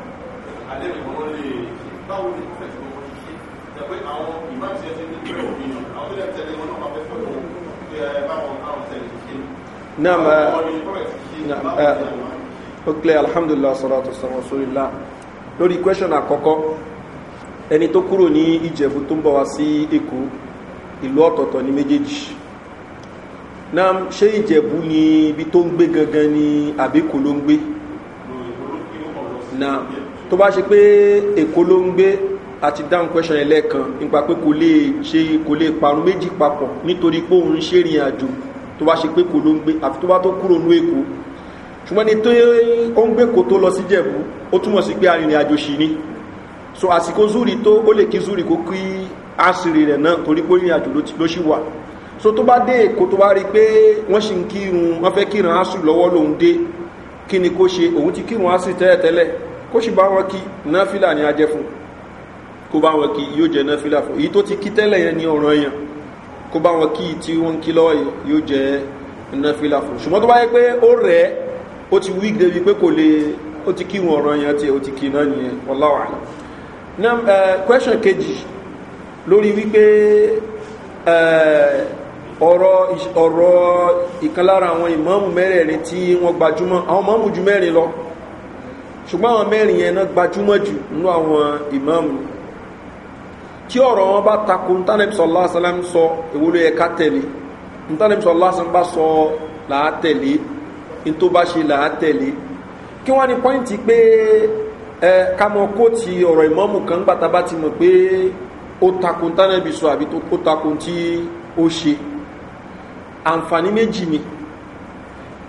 na naam, ó eh, clear eh, alhamdulillah salatu rasulillah lórí question àkọ́kọ́ ẹni tó akọkọ ní ìjẹ̀bù tó ń bọ̀ wá sí èkó ìlú ọ̀tọ̀ọ̀tọ̀ ní méjèèjì ṣé ìjẹ̀bù ni ibi tó ń gbé gangan ni àbíkò ló ń gbé náà tó bá ṣe pé èkó ló ń gbé àti down question ẹlẹ́ẹ̀kan nípa pé kò lè ṣe kò lè tó bá ṣe pé kò ló ń gbé àfi tó bá tó kúrò ní èkó ṣùgbọ́n ni tó ń gbé kò tó lọ sí jẹ̀bú ó túmọ̀ sí pé arìnrìn àjò ṣì ni so àsìkò zúri tó ó lè kí zúri kó kí àṣírí rẹ̀ náà torí pé ìrìn àjò ló ṣì wà so tó bá dé èkó tó bá rí pé wọ́n ṣì ń kírun wọ́n fẹ́ kírun àṣírí lọ́wọ́ lòun dé kí ni kó ṣe òun ti kírun àṣírí tẹ́lẹ̀tẹ́lẹ̀ kó sì bá wọn kí náfìlà ni a fún kó bá wọn kí yóò jẹ náfìlà fún èyí tó ti kí tẹ́lẹ̀ yẹn ni ọ̀ràn yẹn kó bá wọn kí tí wọ́n kí lọ́wọ́ yóò jẹ́ náfílà fún ṣùgbọ́n tó bá yẹ pé ó rẹ̀ ó ti wí débi pé kò lè ó ti kí wọn ọ̀ràn yẹn tí ó ti kí náà nìyẹn ọláwà náà question kejì lórí wípé ọ̀rọ̀ ìkan lára àwọn ìmọ̀mù mẹ́rẹ̀ẹ̀rin tí wọ́n gbajúmọ̀ àwọn mọ̀mù ju mẹ́rin lọ ṣùgbọ́n àwọn mẹ́rin yẹn náà gbajúmọ̀ jù nínú àwọn ìmọ̀mù tí ọ̀rọ̀ wọn bá takò ntánẹ́bí sọ lásán sọ ìwúlò yẹ ká tẹ̀lé ntánẹ́bí sọ lásán bá sọ làá tẹ̀lé ntó bá ṣe làá tẹ̀lé kí wọ́n ní pọ́ìntì pé ẹ kámọ́ kó ti ọ̀rọ̀ ìmọ́mù kan gbàtà bá ti mọ̀ pé ó takò ntánẹ́bí sọ àbí ó takò tí ó ṣe àǹfààní méjì ni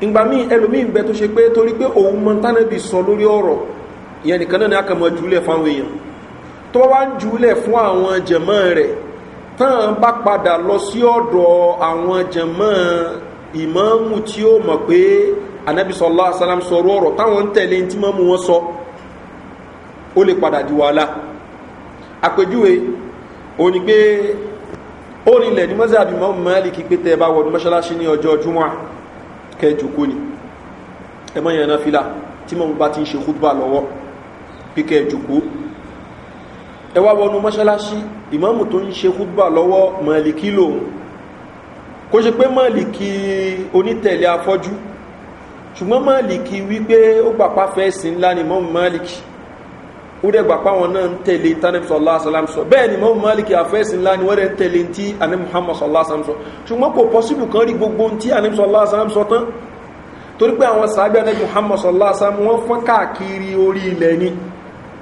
ìgbà míì ẹlòmíì ń tó ṣe pé torí pé òun mọ ntánẹ́bí lórí ọ̀rọ̀ ìyẹn tó bá ń júlẹ̀ fún àwọn jẹ̀mọ́ rẹ̀ tán bá padà lọ sí ọ̀dọ̀ àwọn jẹ̀mọ́ ìmọ̀ọ́mù tí ó mọ̀ pé anabi sọlá asalam sọ̀rọ̀ ọ̀rọ̀ táwọn ń tẹ̀lé tí mọ́mú wọn sọ ó lè padà di wàhálà àpèjúwe òní pé ó nílẹ̀ ní mọ́sí àbí mọ́mú máàlìkì pé tẹ́ bá wọ̀dú mọ́ṣáláṣí ní ọjọ́ júmọ́ kẹjùkú ni ẹmọ́ yẹn náà fìlà tí mọ́mú bá ti ń ṣe kúdùbà lọ́wọ́ pé kẹjùkú ẹwà wọnú mọ́ṣálásí ìmọ́mù tó ń ṣe kúgbà lọ́wọ́ mọ̀lìkí lòun kó ṣe pé mọ̀lìkí onítẹ̀lẹ̀ afọ́jú ṣùgbọ́n mọ̀lìkí wípé ó gbàpá fẹ́ sí ńlá ni mọ́mù mọ̀lìkí ó dẹ̀ gbàpá wọn náà ń tẹ̀lé tánẹ́fisọ̀lásọ̀lámsọ bẹ́ẹ̀ ni mọ́mù mọ̀lìkí afẹ́sí ńlá ni wọ́n dẹ̀ ń tẹ̀lé tí anẹ́muhammasọ̀lásọ̀lámsọ ṣùgbọ́n kò pọ́sibù kan rí gbogbo tí anẹ́muhammasọ̀lásọ̀lámsọ tán torí pé àwọn sàábẹ́ anẹ́muhammasọ̀lásọ̀lámsọ wọ́n fọ́n káàkiri orí ilẹ̀ ni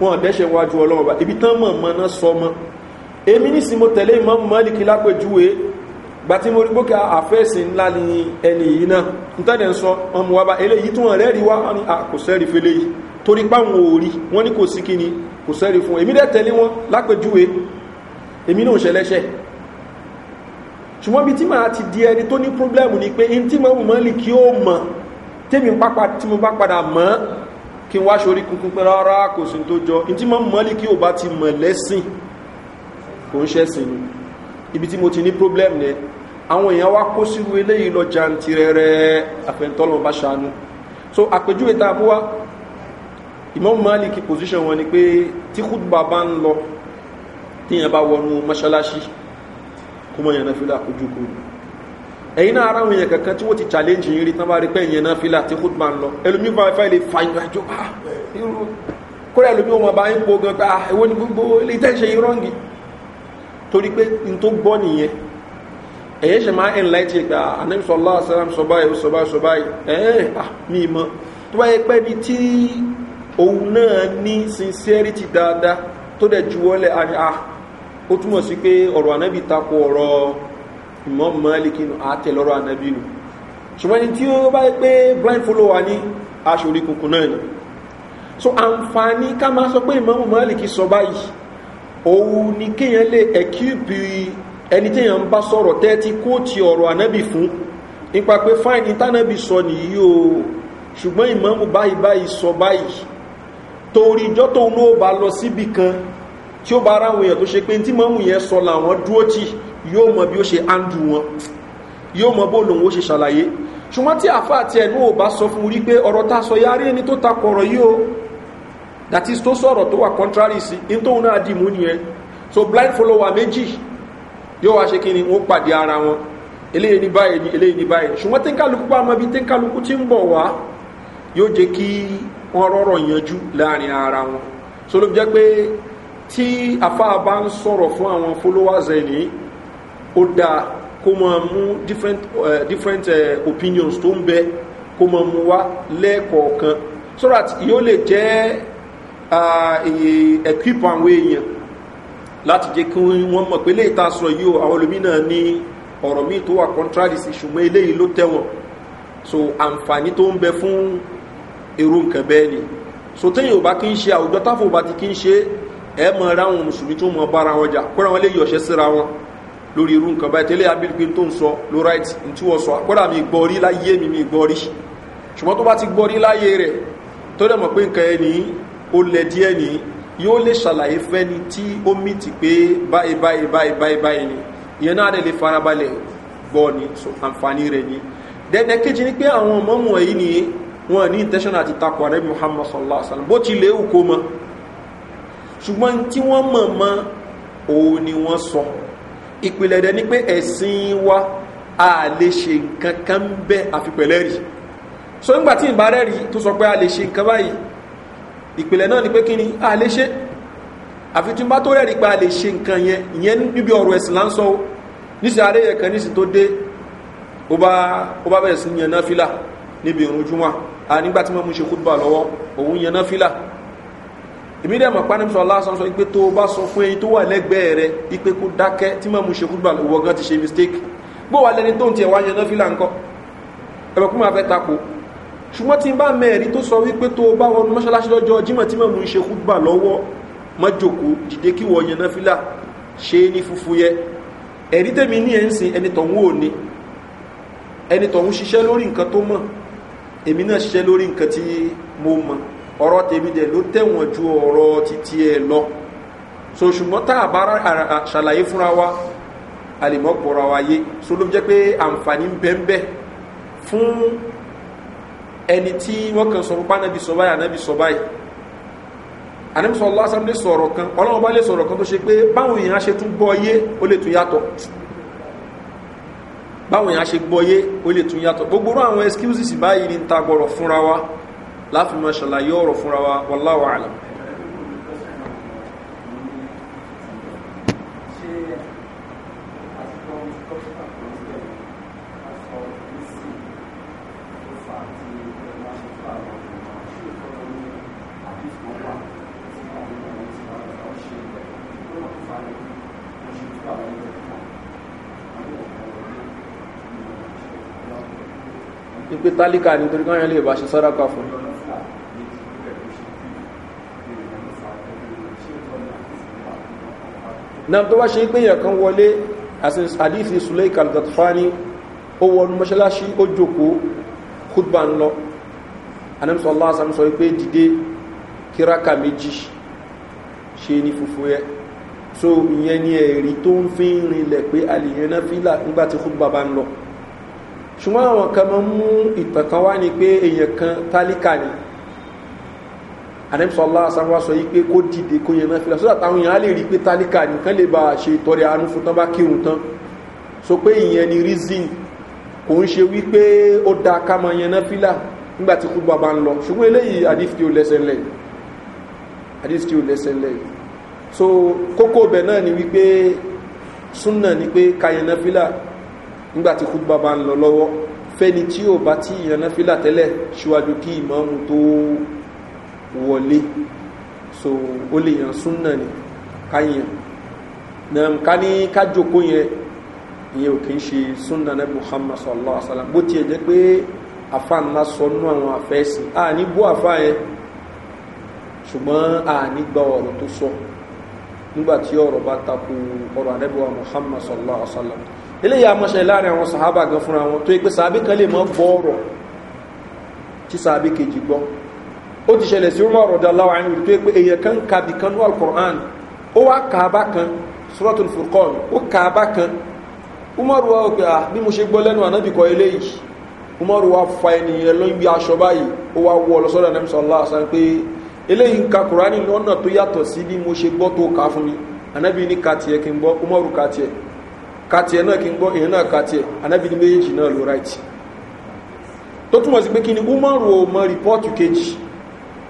wọn dẹ́ṣẹ̀ wájú ọlọ́ọ̀bá ibi tán mọ̀ mọ́ náà sọ mọ́ èmi ní sí mo tẹ̀lé ìmọ̀ mọ́lìkì lápẹjúwe gbà tí mo rí gbókè àfẹ́sìn ńlá ni ẹni yìí náà ń tẹ́lẹ̀ ń sọ ọmọ wa bá eléyìí tí wọ́n rẹ́rìí wá ní kò sẹ́rì fele yìí torí páwọn òòrí wọ́n ní kò sí kí ni kò sẹ́rì fún èmi dẹ́ tẹ̀lé wọn lápẹjúwe èmi náà ṣẹlẹ́ṣẹ̀ ṣùgbọ́n bí tí màá ti di ẹni tó ní pọ́blẹ́mù ni pé in tí mọ̀ mọ́lìkì ó mọ̀ tẹ́mi pápá tí mo bá padà mọ́ kí wá ṣorí kúnkún pẹ́ rárá kò sí tó jọ in tí mọ́ mọ́lí kí o bá ti mọ̀ lẹ́sìn kò ń ṣẹ́sìn ni ibi tí mo ti ní problem nẹ àwọn èèyàn wá kó sírú eléyìí lọ jantì rẹ̀rẹ̀ àfẹ́ntọ́lọ̀ bá ṣàánú so àpèjúwe tá a mú wá ìmọ̀ mọ́lí kí position wọn ni pé tí kúdùbà bá ń ẹ̀yin náà ara àwọn èèyàn kankan tí wọ́n ti challenge yìí rí tán bá rí pé ìyẹn náà fílà tí kútùmá ń lọ ẹlòmí bá fẹ́ lè fa ìyẹn àjọ ah, kóra ẹlòmí wọn bá ń po gan pé ẹwọ́ ah, ni gbogbo ilé tẹ́ ṣe yìí rọ́ǹgì torí pé n tó gbọ́ nìyẹn ẹ̀yẹ́ ṣe máa ń láì ah, tí ìgbà anẹ́bísọ̀ aláàsáràm sọ ìmọ̀ mọ́lìkì nù àtẹ̀lọ́rọ̀ ànábì nù ṣùgbọ́n ni tí ó bá pé blind follower ní aṣòrí kùnkùn náà ni so àǹfààní ká máa sọ pé ìmọ̀ mọ́lìkì sọ báyìí òun ni kéèyàn lè ẹ̀kíbi ẹni tí èèyàn bá sọ̀rọ̀ tẹ́tí kóòtì ọ̀rọ̀ ànábì fún nípa pé fáìní tánàbì sọ nìyí o ṣùgbọ́n ìmọ̀mù báyìí báyìí sọ báyìí torí ìjọ́ tóun ló bá lọ síbì kan tí ó bá ara àwọn èèyàn tó ṣe pé tí mọ́mù yẹn sọ làwọn dúó tì yóò mọ bí ó ṣe áńdù wọn yóò mọ bó lòun ó ṣe ṣàlàyé ṣùgbọ́n tí àfá àti ẹ̀nú ò bá sọ fún rí pé ọ̀rọ̀ tá sọ yárí ẹni tó takọ̀rọ̀ yí o that is tó sọ̀rọ̀ tó wà contrary sí in tóun náà dì mú nìyẹn so blind follower méjì yóò wá ṣe kíni wọ́n pàdé ara wọn eléyìí ní báyìí ní eléyìí ní báyìí ṣùgbọ́n tí kálukú bá mọ bí tí kálukú ti ń bọ̀ wá yóò jẹ́ kí wọ́n rọ́rọ̀ yanjú láàrin ara wọn so ló jẹ́ pé tí àfá bá ń sọ̀rọ̀ fún àwọn followers ẹ̀ nìyí ó dáa kó máa mú different, uh, different uh, opinions tó ń bẹ kó máa mú wá lẹ́ẹ̀kọ̀ọ̀kan so that yóò lè jẹ́ equip àwọn èèyàn láti jẹ́ kí wọ́n mọ̀ pé léyìí tá a sọ yìí o àwọn olómìnà ní ọ̀rọ̀ míì tó wà contrary sí ṣùgbọ́n eléyìí ló tẹ̀wọ̀n so àǹfààní tó ń bẹ fún irú nǹkan bẹ́ẹ̀ ni so téèyàn ò bá kí ń ṣe àwùjọ táfò bá ti kí ń ṣe ẹ̀ mọ̀ ra àwọn mùsùlùmí tó mọ̀ bára wọn jà kóra wọn lè yọ̀ṣẹ́ síra wọn lórí irú nǹkan báyìí tẹ́lẹ̀ abílpé tó ń sọ ló right n tí wọ́n sọ àkọ́dà mi gbọ́ rí láyé mi mi gbọ́ rí ṣùgbọ́n tó bá ti gbọ́ rí láyé rẹ̀ tó dẹ̀ pé nǹkan ẹni ó lẹ díẹ̀ ní yóò lè ṣàlàyé fẹ́ni tí ó mì tì pé báyìí báyìí báyìí ni ìyẹn náà dẹ̀ lè farabalẹ̀ gbọ́ ni àǹfààní rẹ̀ ni dẹ́dẹ́ ni pé àwọn ọmọ muhammad sallallahu alaihi wa sallam bó ti léwu kó mọ ṣùgbọ́n tí ìpìlẹ̀ dẹ̀ ni pé ẹ̀sìn wa a lè ṣe nǹkan kan bẹ́ àfipẹ̀lẹ́ rí so nígbà tí ìbá rẹ̀ rí tó sọ pé a lè ṣe nǹkan báyìí ìpìlẹ̀ náà ni pé kí ni a lè ṣe àfi tí n bá tó rẹ̀ rí pé a lè ṣe nǹkan yẹn ìyẹn níbi ọ̀rọ̀ ẹ̀sìn là ń sọ níṣẹ́ kan níṣẹ́ tó dé ó bá bẹ̀rẹ̀ sí yẹn náà fílà níbi ìrùn júmọ́ a nígbà tí wọ́n ṣe kúdùbà lọ́wọ́ òun yẹn náà fílà èmi dẹ̀ mọ̀ pánimọ̀ sọ lásán sọ pé tó bá sọ fún ẹyin tó wà lẹ́gbẹ̀ẹ́ rẹ ipe kó dákẹ́ tí mọ̀ mú ṣe kúrò lọ́wọ́ gan ti ṣe mistake gbọ́ wà lẹ́ni tó ń tiẹ̀ wá yẹn náà fílà ńkọ́ ẹ̀rọ kúmọ̀ afẹ́ tako ṣùgbọ́n tí n bá mẹ́ẹ̀rí tó sọ wípé tó bá wọnú mọ́ṣáláṣí lọ́jọ́ jímọ̀ tí mọ̀ mú ṣe kúrò lọ́wọ́ mọ́jòkó dìde kí wọ yẹn náà fílà ṣe ọ̀rọ̀ tèmi dẹ̀ ló tẹ̀wọ̀n ju ọ̀rọ̀ títí ẹ lọ so ṣùgbọ́n tá a bá ṣàlàyé fúnra wa a lè mọ́ pọ̀ra wa yé so ló jẹ́ pé àǹfààní ń bẹ́ ń bẹ́ fún ẹni tí wọ́n kàn sọ fúnpá náàbì sọ báyìí ànábì sọ báyìí ànábì sọ lè sọ̀rọ̀ kan ọlọ́run bá lè sọ̀rọ̀ kan tó ṣe pé báwọn èèyàn ṣe tún gbọ́ ó lè tún yàtọ̀ báwọn èèyàn ṣe gbọ́ ó lè tún yàtọ̀ gbogbo àwọn excuses báyìí ni ń ta gbọ́rọ̀ fúnra wa láfi máa ṣàlàyé ọ̀rọ̀ fúnra wa wàláwà àlàm. ipe tálíkà nítorí káyọ̀ lè bá ṣe sọ́dọ̀kọ̀ fún un. náà tó wá ṣe pé èèyàn kan wọlé àdífi sulé kalgatfani ó wọnú mọ́ṣáláṣí ó jòkó kúdbà ń lọ anamsọ allah sam dìde kíráka méjì ṣe ní fufu ẹ so ìyẹn ni ẹ̀rí tó ń fi ń rinlẹ̀ pé alìyẹn náà fílà nígbà tí kúdbà àdẹ́sọ̀lá asáwọ́ sọ yí pé kó dìde kó yẹn náà fìlà sódà táwọn èèyàn á lè rí pé tálíkà nìkan lè bá ṣe ìtọrẹ àánú fún tán bá kírun tán so pé ìyẹn ni reason kò ń ṣe wípé ó da ká mọ yẹn náà fìlà nígbà tí kú bàbá ń lọ ṣùgbọ́n eléyìí àdìf lẹ́sẹ̀ so kókó bẹ̀ ni wípé súnà ni pé ká yẹn náà fìlà nígbà tí kú bàbá ń lọ lọ́wọ́ fẹ́ni tí ò bá wọlé so ó lè yàn súnà ni káyàn náà ká ní kájòkó yẹn ìyẹn ò kí ń ṣe súnà náà muhammad sallallahu alaihi wa sallam bó tiẹ̀ jẹ́ pé afa ńlá sọ nú àwọn àfẹ́sìn a ní bó afa yẹn ṣùgbọ́n a ní gba ọ̀rọ̀ tó sọ nígbà tí ọ̀rọ̀ bá takò ọ̀rọ̀ àdẹ́bọ̀wà muhammad sallallahu alaihi wa sallam eléyìí amọ́ṣẹ́ láàrin àwọn sàhábà gan fúnra wọn tó yẹ pé sàábì kan lè mọ́ gbọ́ ọ̀rọ̀ tí sàábì kejì gbọ́ ó ti ṣẹlẹ̀ sí umar rọ̀dàláwà ẹni tó pé èyàn kan kàbí kan ní alkùnrán ó wá kàábá kan suratul furqan ó kan umar wa ó pé à ah, bí mo ṣe gbọ́ lẹ́nu ànábìkọ eléyìí umar wa fa ènìyàn ló ń aṣọ báyìí ó wá wọ ọlọ́sọ́dọ̀ ànábì sọ́lá àṣà pé eléyìí ń ka kùránì lọ́nà tó yàtọ̀ sí bí mo ṣe gbọ́ tó ka fún mi ànábì ní kàtìẹ̀ kí n gbọ́ umar kàtìẹ̀ kàtìẹ̀ náà kí n gbọ́ èèyàn náà ní méjèèjì náà tó túmọ̀ sí pé kí ni umar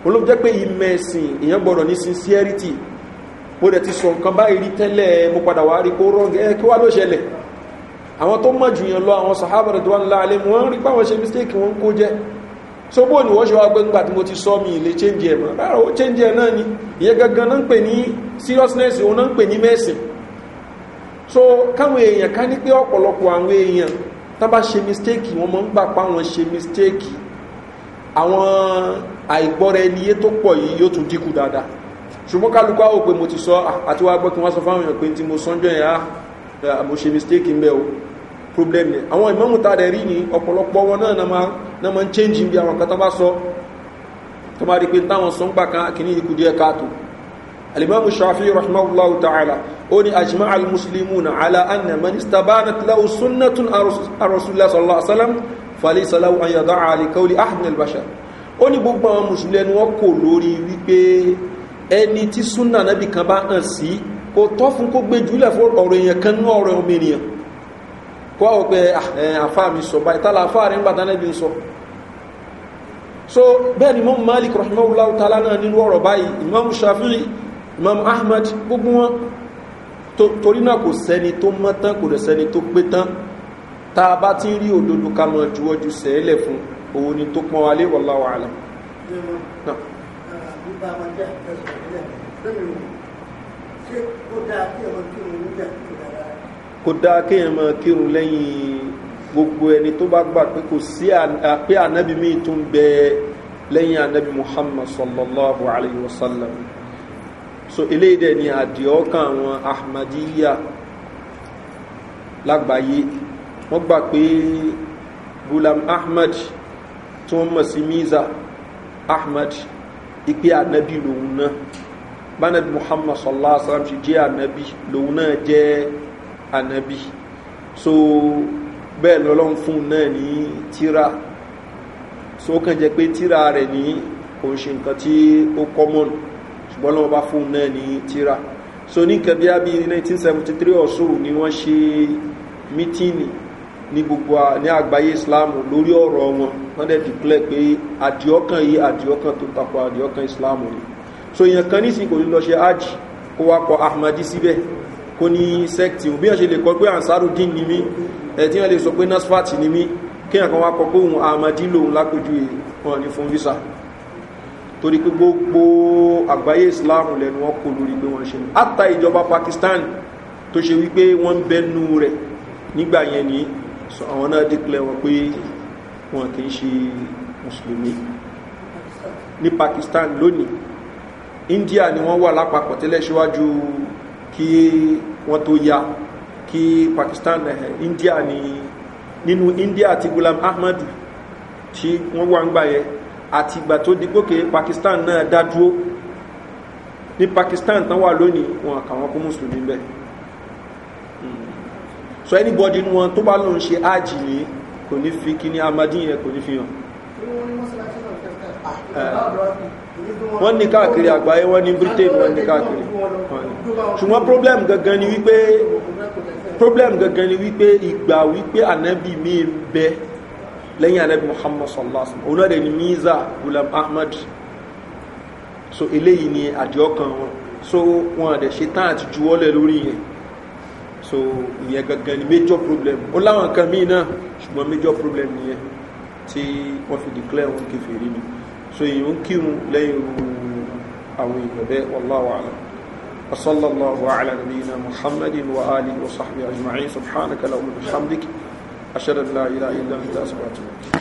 olóòpù jẹ́ pé ìmẹ̀ ẹ̀sìn èyàn gbọ́dọ̀ ní sincerity mo dẹ̀ ti sọ nǹkan báyìí rí tẹ́lẹ̀ mo padà wá rí kó rọ́gẹ́ kí wá ló ṣẹlẹ̀ àwọn tó mọ̀ jù yàn lọ àwọn sàhábà rẹ̀ tó wà ńlá alẹ́ wọ́n rí pàwọn ṣe mistake wọ́n kó jẹ́ so bó ni wọ́n ṣe wá gbé ńgbà tí mo ti sọ mi lè change ẹ̀ mọ́ rárá ó change ẹ̀ náà ni ìyẹn gangan náà ń pè ní seriousness òun náà ń pè ní mẹ́sìn so káwọn èèyàn ká ní pé ọ̀pọ̀lọpọ̀ àwọn èèyàn tá bá ṣe mistake wọ́n mọ́ ń gbà pa àwọn ṣe mistake àwọn àìgbọ́ra ẹniyé tó pọ̀ yìí yóò tún dínkù dáadáa ṣùgbọ́n kálukú àwò pé mo ti sọ ah, àti wá gbọ́ kí wọ́n sọ fáwọn èèyàn pé tí mo sọ́njọ́ yẹn á ah, eh, mo ṣe mistake ń bẹ́ o problem yẹn àwọn ìmọ̀mùta rẹ̀ rí ni ọ̀pọ̀lọpọ̀ wọn náà na máa ń change bí àwọn kan tó bá sọ tó bá rí pé táwọn sọ ń gbà kan kì ní ikú díẹ̀ káàtó alimami shafi rahmatulahu ta'ala ó ní ajima al-muslimun ala anna man istabanat lahu sunnatun arasulillah sallallahu alaihi wasallam falẹ́ ìsọláwù ayọ̀dọ́ àlekọ́lì ahmed bashar ó ní gbogbo àwọn mùsùlùmí ẹni wọ́n kò lórí wípé ẹni tí súnà nábì kan bá hàn sí kò tọ́ fún kó gbé jùlẹ̀ fún ọ̀rọ̀ èèyàn kan ní ọ̀rọ̀ ọmọ kó àwọn pé ah, àfa mi sọ báyìí tálà àfa rẹ̀ ń náà bí sọ so bẹ́ẹ̀ ni mọ́mù malik rahimahullahu ta'ala náà nínú ọ̀rọ̀ báyìí imam shafi'i imam ahmed gbogbo wọn torí náà tá a bá ti rí òdodo ká mọ̀ juwọ́jú sẹ́ẹ̀lẹ̀ fún òun ni tó pọ́n wálé wọ́n láwọ̀ àlẹ́ kò dáa kí èèyàn máa kírun lẹ́yìn gbogbo ẹni tó bá gbà pé kò sí àpé ànábì míì tó ń bẹ lẹ́yìn ànábì muhammad sallallahu alayhi wa sallam so eléyìí dẹ̀ ni àdìọ́kàn àwọn ahmadiyya lágbàáyé wọ́n gbà pé gulam ahmed tí wọ́n mọ̀ sí miza ahmed ìpé ànábì lòun náà bánàbí muhammad sallallahu alaihi wasallam ṣe jẹ́ ànábì lòun náà jẹ́ ànábì so bẹ́ẹ̀ lọ́lọ́n fún náà ní tíra so ó kàn jẹ́ pé tíra rẹ̀ ní kò ń ṣe nǹkan tí ó kọ́mọ̀nù ṣùgbọ́n lọ́wọ́ bá fún náà ní tíra so ní kẹbíá bí 1973 ọ̀ṣọ́ ni wọ́n ṣe mítíìnì ní gbogbo ní àgbáyé islam lórí ọ̀rọ̀ wọn wọ́n dẹ̀ dìklẹ̀ pé àdìọ́kàn yìí àdìọ́kàn tó tako àdìọ́kàn islam ni so èèyàn kan ní sí kò ní lọ ṣe hajj kó wá kọ ahmadi síbẹ̀ kó ní sẹ́kìtì bí wọ́n ṣe lè kọ pé ansarudin ni mí ẹ̀tí wọ́n lè sọ pé nasfat ni mí kéèyàn kan wá kọ pé òun ahmadi lòun lápójú wọn ní fún visa torí pé gbogbo àgbáyé islam lẹ́nu wọn kò lórí pé wọ́n ṣe àtà ìjọba pakistan tó ṣe wípé wọ́n ń bẹ́nu rẹ̀ nígbà yẹn nìyí so àwọn náà díklẹ̀ wọn pé wọn kì í ṣe mùsùlùmí ní pakistan lónìí india ni wọ́n wà lápapọ̀ tẹ́lẹ̀ síwájú kí wọ́n tó ya kí pakistan eh, india ni nínú india àti gulam ahmadu tí wọ́n wà ń gbà yẹ àti ìgbà tó dígbókè pakistan náà dá dúró ní pakistan tán wà lónìí wọn àkàwọn kó mùsùlùmí bẹ́ẹ̀ hmm so anybody nu wọn tó bá lóun ṣe ájì ní kò ní fi kí ní amadín yẹn kò ní fi hàn
eh. wọ́n ní káàkiri àgbáyé wọ́n ní britain wọ́n ní káàkiri ṣùgbọ́n problem
gangan ni wípé problem gangan ni wípé ìgbà wípé anabi mi ń bẹ lẹ́yìn anabi muhammad sallallahu alaihi wasallam olóòdè ni miza gulam ahmad so eléyìí ni àdìọ́kan wọn so wọn àdẹ̀ ṣe tán àti juwọ́lẹ̀ lórí yẹn so ìyẹn gangan ni major problem ó láwọn nǹkan míì náà ṣùgbọ́n major problem nìyẹn tí wọ́n fi declare wọn kẹfẹ́ rí ni so èèyàn ń kírun lẹ́yìn ooru àwọn èèyàn bẹ́ẹ̀ wàláwà àlọ́ وصلى الله على نبينا محمد وآله وصحبه أجمعين سبحانك اللهم وبحمدك أشهد أن لا إله إلا أنت أستغفرك